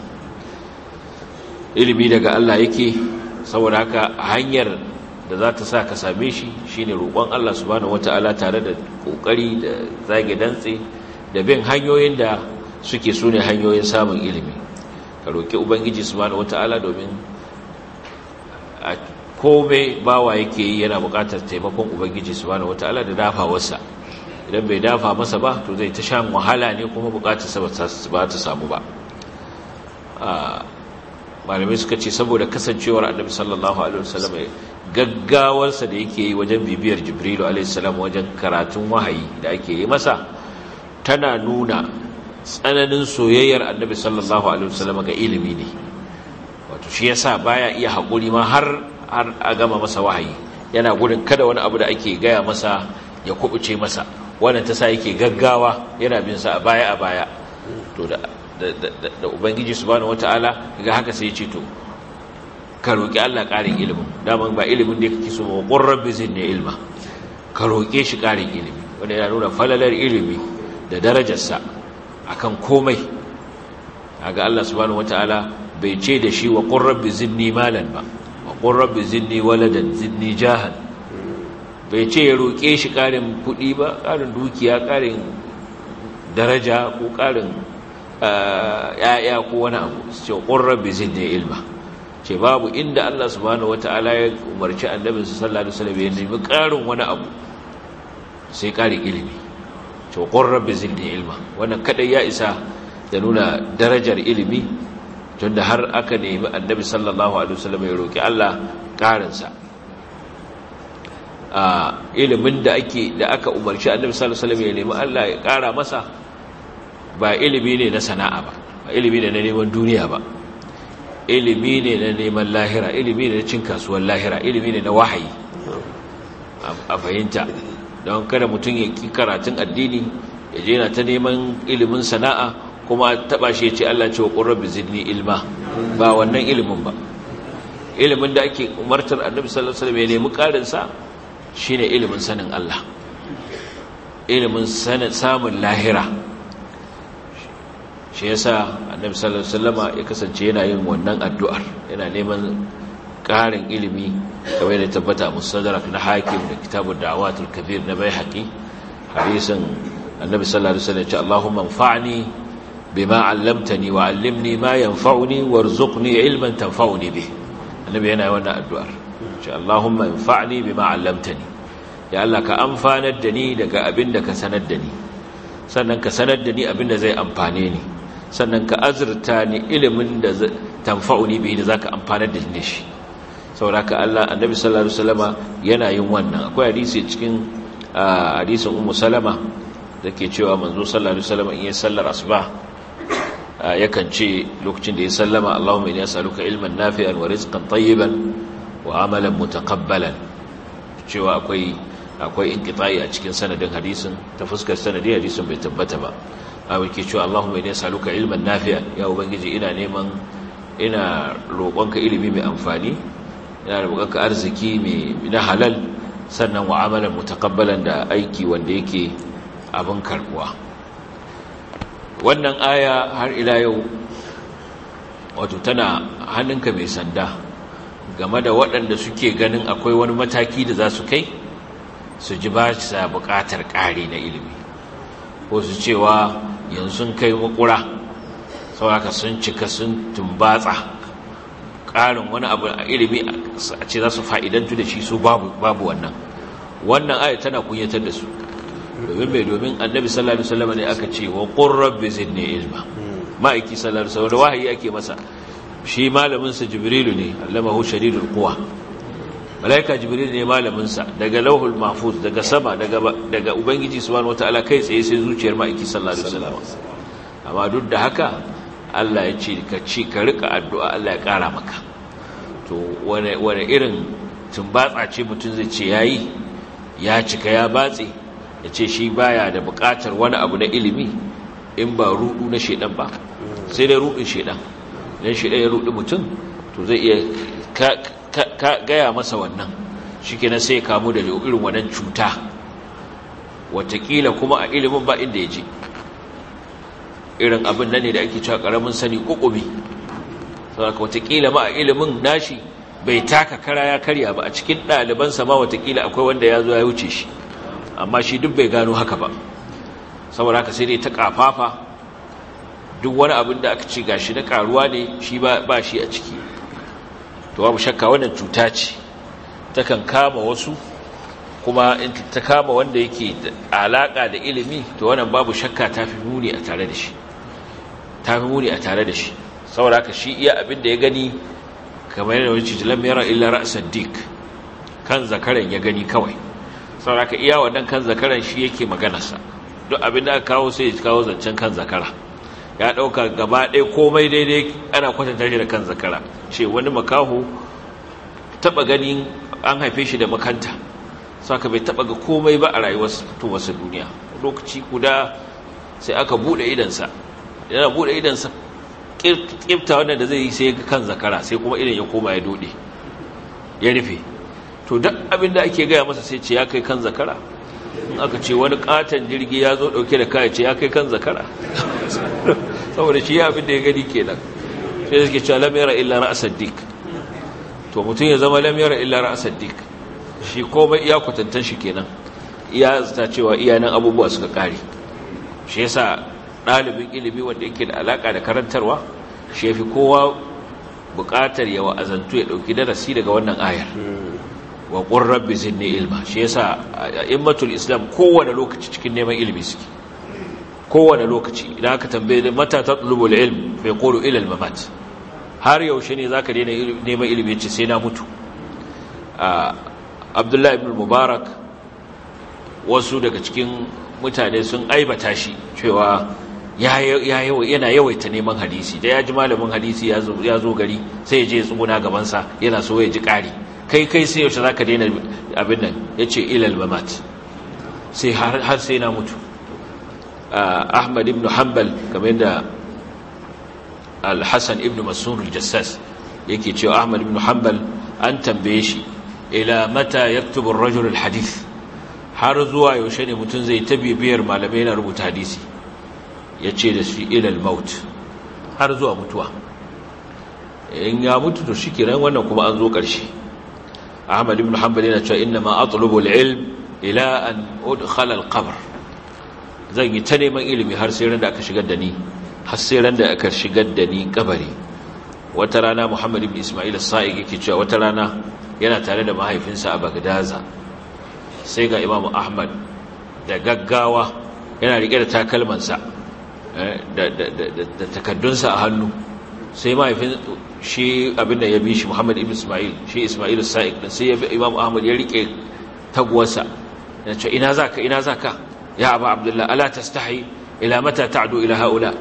ilimi daga Allah yake saboda haka hanyar da za ta sa ka same shi shine roƙon Allah subhanahu wataala tare da kokari da zage dantse da bin hanyoyin da suke sune hanyoyin samun ilimi ka roƙi ubangiji subhanahu wataala domin a kome bawa yake yi yana buƙatar taimakon ubangiji subhanahu wataala da dafawarsa idan bai dafa masa ba to zai ta sha wahala ne kuma buƙatar sa ba ta samu ba ah, malamai suka ce saboda kasancewar annabi sallallahu alaihi wasallam gaggawarsa da yake yi wajen bibiyar jibrilu alaihissalam wajen karatun wahayi da ake yi masa tana nuna tsananin soyayyar annabi sallallahu alaihi wasallam ga ilimi ne wato shi yasa baya iya hakuri ma har har a gama masa wahayi yana gurin kada wani abu da ake gaya masa ya kubuce masa wannan ta sa yake gaggawa yana bin sa a baya a baya to da da, da, da ubangiji subhanahu wataala ga haka sai ya ce to ka roƙi Allah ƙarin ilimin daman ba ilimin da kake so ba qur rabbi zidni ilma ka roƙe shi ƙarin ilimi wanda ya nuna falalar ilimi da darajarsa akan komai kaga Allah subhanahu wataala bai ce da shi wa qur rabbi zidni malan ba wa qur rabbi zidni waladan zidni jahan bai ce ya roƙe shi ƙarin kuɗi ba ƙarin dukiya ƙarin daraja ko ƙarin ah, ‘ya'ya ko wani abu su ce ƙurrar bizin ilma ce babu inda Allah subhanahu wata'ala ya umarci annabin su sallallahu alaihi wasallam ya nemi ƙarin wani abu sai ƙarin ilimi to qur rabbi zidni ilma wannan kadai ya isa da nuna darajar ilimi tunda har aka nemi annabi sallallahu alaihi wasallam ya roki Allah ƙarin sa a ilimin da ake da aka umarci annabi sallallahu alaihi wasallam ya nemi Allah ya ƙara masa ba ilimi ne na sana'a ba ilimi ne na neman duniya ba ilimi ne na neman lahira ilimi ne na cin kasuwar lahira ilimi ne na wahayi a fahimta don kada mutum ya ki karatun addini ya je na ta neman ilimin sana'a kuma taba shi ya ce Allah ce wa qurrabi zidni ilma ba wannan ilimin ba ilimin da ake umartar annabi sallallahu alaihi wasallam ya nemi karin sa shine ilimin sanin Allah ilimin sanin samun lahira shi ya sa, annabi sallallahu alaihi wasallama ya kasance yana yin wannan addu'ar yana neman ƙarin ilimi kamar da tabbata musadarak na hakim da kitabud da'awatul kabir na baihaqi hadisin annabi sallallahu alaihi wasallam ya ce Allahumma anfa'ni bima 'allamtani wa 'allimni ma yanfa'uni warzuqni 'ilman tanfa'uni bih annabi yana wannan addu'ar ce Allahumma anfa'ni bima 'allamtani ya Allah ka amfanar da ni daga abin da ka sanar da ni sannan ka sanar da ni abin da zai amfane ni sannan ka azurta ni ilimin da tanfa'uni bihi da zaka amfana da shi sauraka Allah annabi sallallahu alaihi wasallama yana yin wannan akwai hadisi cikin hadisin ummu salama dake cewa manzo sallallahu alaihi wasallama in ya sallar asuba yakan ce lokacin da ya sallama Allahumma inni as'aluka ilman nafi'an wa rizqan tayyiban wa amalan mutaqabbalan cewa akwai akwai inqita'i a cikin sanadin hadisin ta fuskar sanadin hadisin bai tabbata ba a wake cewa Allahumma inni as'aluka ilman nafi'a ya ubangiji ina neman ina roƙonka ilimi mai amfani ina roƙonka arziki mai na halal sannan amalan mutakabbalan da aiki wanda yake abin karbuwa wannan aya har ila yau wato tana hannunka mai sanda game da waɗanda suke ganin akwai wani mataki da za su kai su ji ba sa buƙatar ƙari na ilimi ko su cewa yanzu kai makura sauraka sun cika sun tumbatsa ƙarin wani abu a ilimi a ce za su fa'idantu da shi su babu wannan wannan ayi tana kunyatar da su domin mai domin annabi sallallahu alaihi ne aka ce wa qur rabbi zidni ilma ma'aiki sallallahu alaihi wasallam wahayi ake masa shi malamin sa jibrilu ne hu shadidul quwa malaika jibril ne malamin sa daga lauhul mahfuz daga sama daga daga ubangiji subhanahu wataala kai tsaye sai zuciyar ma'aiki sallallahu alaihi wasallam amma duk da haka Allah ya ce ka ci ka rika addu'a Allah ya kara maka to wane wane irin tumbatsa ce mutun zai ce yayi ya cika ya batse ya ce shi baya da buƙatar wani abu na ilimi in ba rudu na shedan ba sai da rudin shedan dan shedan ya rudi mutum to zai iya ka gaya masa wannan shi na sai kamu da irin wannan cuta watakila kuma a ilimin ba inda ya je irin abin nan ne da ake cewa karamin sani ƙuƙumi saboda watakila ma a ilimin nashi bai taka kara ya karya ba a cikin ɗalibansa ma watakila akwai wanda ya zo ya wuce shi amma shi duk bai gano haka ba saboda haka sai dai ta ƙafafa duk wani abin da aka ci gashi na ƙaruwa ne shi ba shi a ciki to babu shakka wannan cuta ce ta kan kama wasu kuma in ta kama wanda yake alaka da ilimi to wannan babu shakka tafi muni a tare da shi tafi muni a tare da shi saboda haka shi iya abin da ya gani kamar yana wani jilan mera illa ra'asar dik kan zakaran ya gani kawai saboda haka iya wannan kan zakaran shi yake maganarsa duk abin da aka kawo sai ya kawo zancen kan zakara ya ɗauka gaba ɗaya komai daidai ana kwatanta shi da kan zakara ce wani makaho taɓa ganin an haife shi da makanta saka bai taɓa ga komai ba a rayuwarsa wasu duniya lokaci guda sai aka buɗe idansa yana buɗe idansa ƙifta wannan da zai yi sai ga kan zakara sai kuma idan ya koma ya doɗe ya rufe to duk abin da ake gaya masa sai ce ya kai kan zakara aka ce wani katon jirgi ya zo dauke da kaya ce ya kai kan zakara saboda shi ya abin da ya gani kenan sai suke cewa lam yara illa ra'sad dik to mutum ya zama lam yara illa ra'sad dik shi komai iya kwatantar shi kenan iya ta cewa iyanan nan abubuwa suka kare shi yasa ɗalibin ilimi wanda yake da alaka da karantarwa shi yafi kowa buƙatar ya azantu ya ɗauki darasi daga wannan ayar wa qur rabbi zinni ilma shi yasa a'immatul islam kowane lokaci cikin neman ilimi suke kowane lokaci idan aka tambaye da mata ta tulubul ilm bai kolo ilal mamat har yaushe ne zaka daina neman ilimi yace sai na mutu abdullahi ibn mubarak wasu daga cikin mutane sun aibata shi cewa yana yawaita neman hadisi da ya ji malamin hadisi ya zo gari sai ya je ya tsuguna gabansa yana so ya ji ƙari kai kai sai yaushe zaka daina abin nan yace ilal mamat sai har sai na mutu ahmad ibn hanbal kamar yadda al-hassan ibn mas'ud al-jassas yake cewa ahmad ibn hanbal an tambaye shi ila mata yaktubu ar-rajul al-hadith har zuwa yaushe ne mutum zai ta biyar malamai yana rubuta hadisi yace da shi ila al-maut har zuwa mutuwa in ya mutu to shikenan wannan kuma an zo karshe ahmad ibn hanbal yana cewa inna ma atlubu al-ilm ila an udkhala al-qabr zan yi ta neman ilimi har sai ran da aka shigar da ni har sai ran da aka shigar da ni kabari wata rana Muhammad ibn Isma'il as-Sa'id yake cewa wata rana yana tare da mahaifinsa a Bagdaza sai ga Imam Ahmad da gaggawa yana rike da takalmansa eh, da takaddunsa a hannu sai mahaifin shi abinda ya bi shi Muhammad ibn Isma'il shi Isma'il as-Sa'id sai ya bi Imam Ahmad ya rike taguwarsa ya ce ina zaka ina zaka ya abu abdullah ala tastahi ila mata ta'du ila haula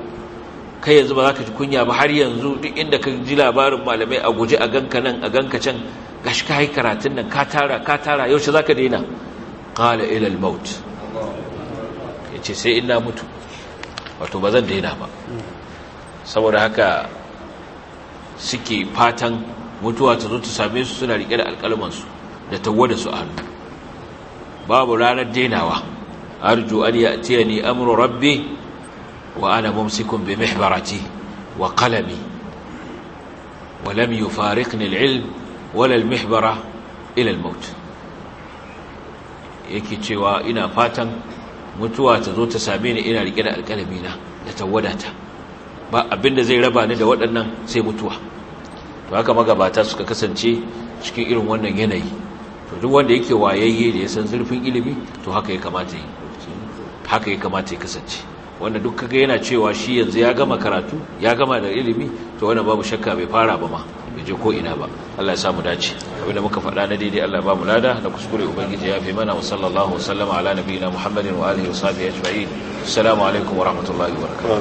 kai yanzu ba za ka ji kunya ba har yanzu duk inda ka ji labarin malamai a guje a ganka nan a ganka can gashi ka yi karatun nan ka tara ka tara yaushe za ka daina qala ilal al yace sai ina mutu wato ba zan daina ba saboda haka suke fatan mutuwa ta zo ta same su suna rike da alƙalmansu da tawwada su a hannu babu ranar dainawa أرجو أن يأتيني أمر ربي وأنا ممسك بمحبرتي وقلمي ولم يفارقني العلم ولا المحبرة إلى الموت yake cewa ina fatan mutuwa ta zo ta same ni ina rike da alƙalami na da tawadata ba abinda zai raba ni da waɗannan sai mutuwa to haka magabata suka kasance cikin irin wannan yanayi to duk wanda yake wayayye da ya san zurfin ilimi to haka ya kamata yi haka ya kamata ya kasance wanda duk kaga yana cewa shi yanzu ya gama karatu ya gama da ilimi to wannan babu shakka bai fara ba ma bai je ko ina ba Allah ya samu dace abinda muka faɗa na daidai Allah ba mu lada da kuskure ubangiji ya fi mana wa sallallahu wa sallama ala nabiyina Muhammadin wa alihi wa sahbihi ajma'in assalamu alaikum wa rahmatullahi wa barakatuh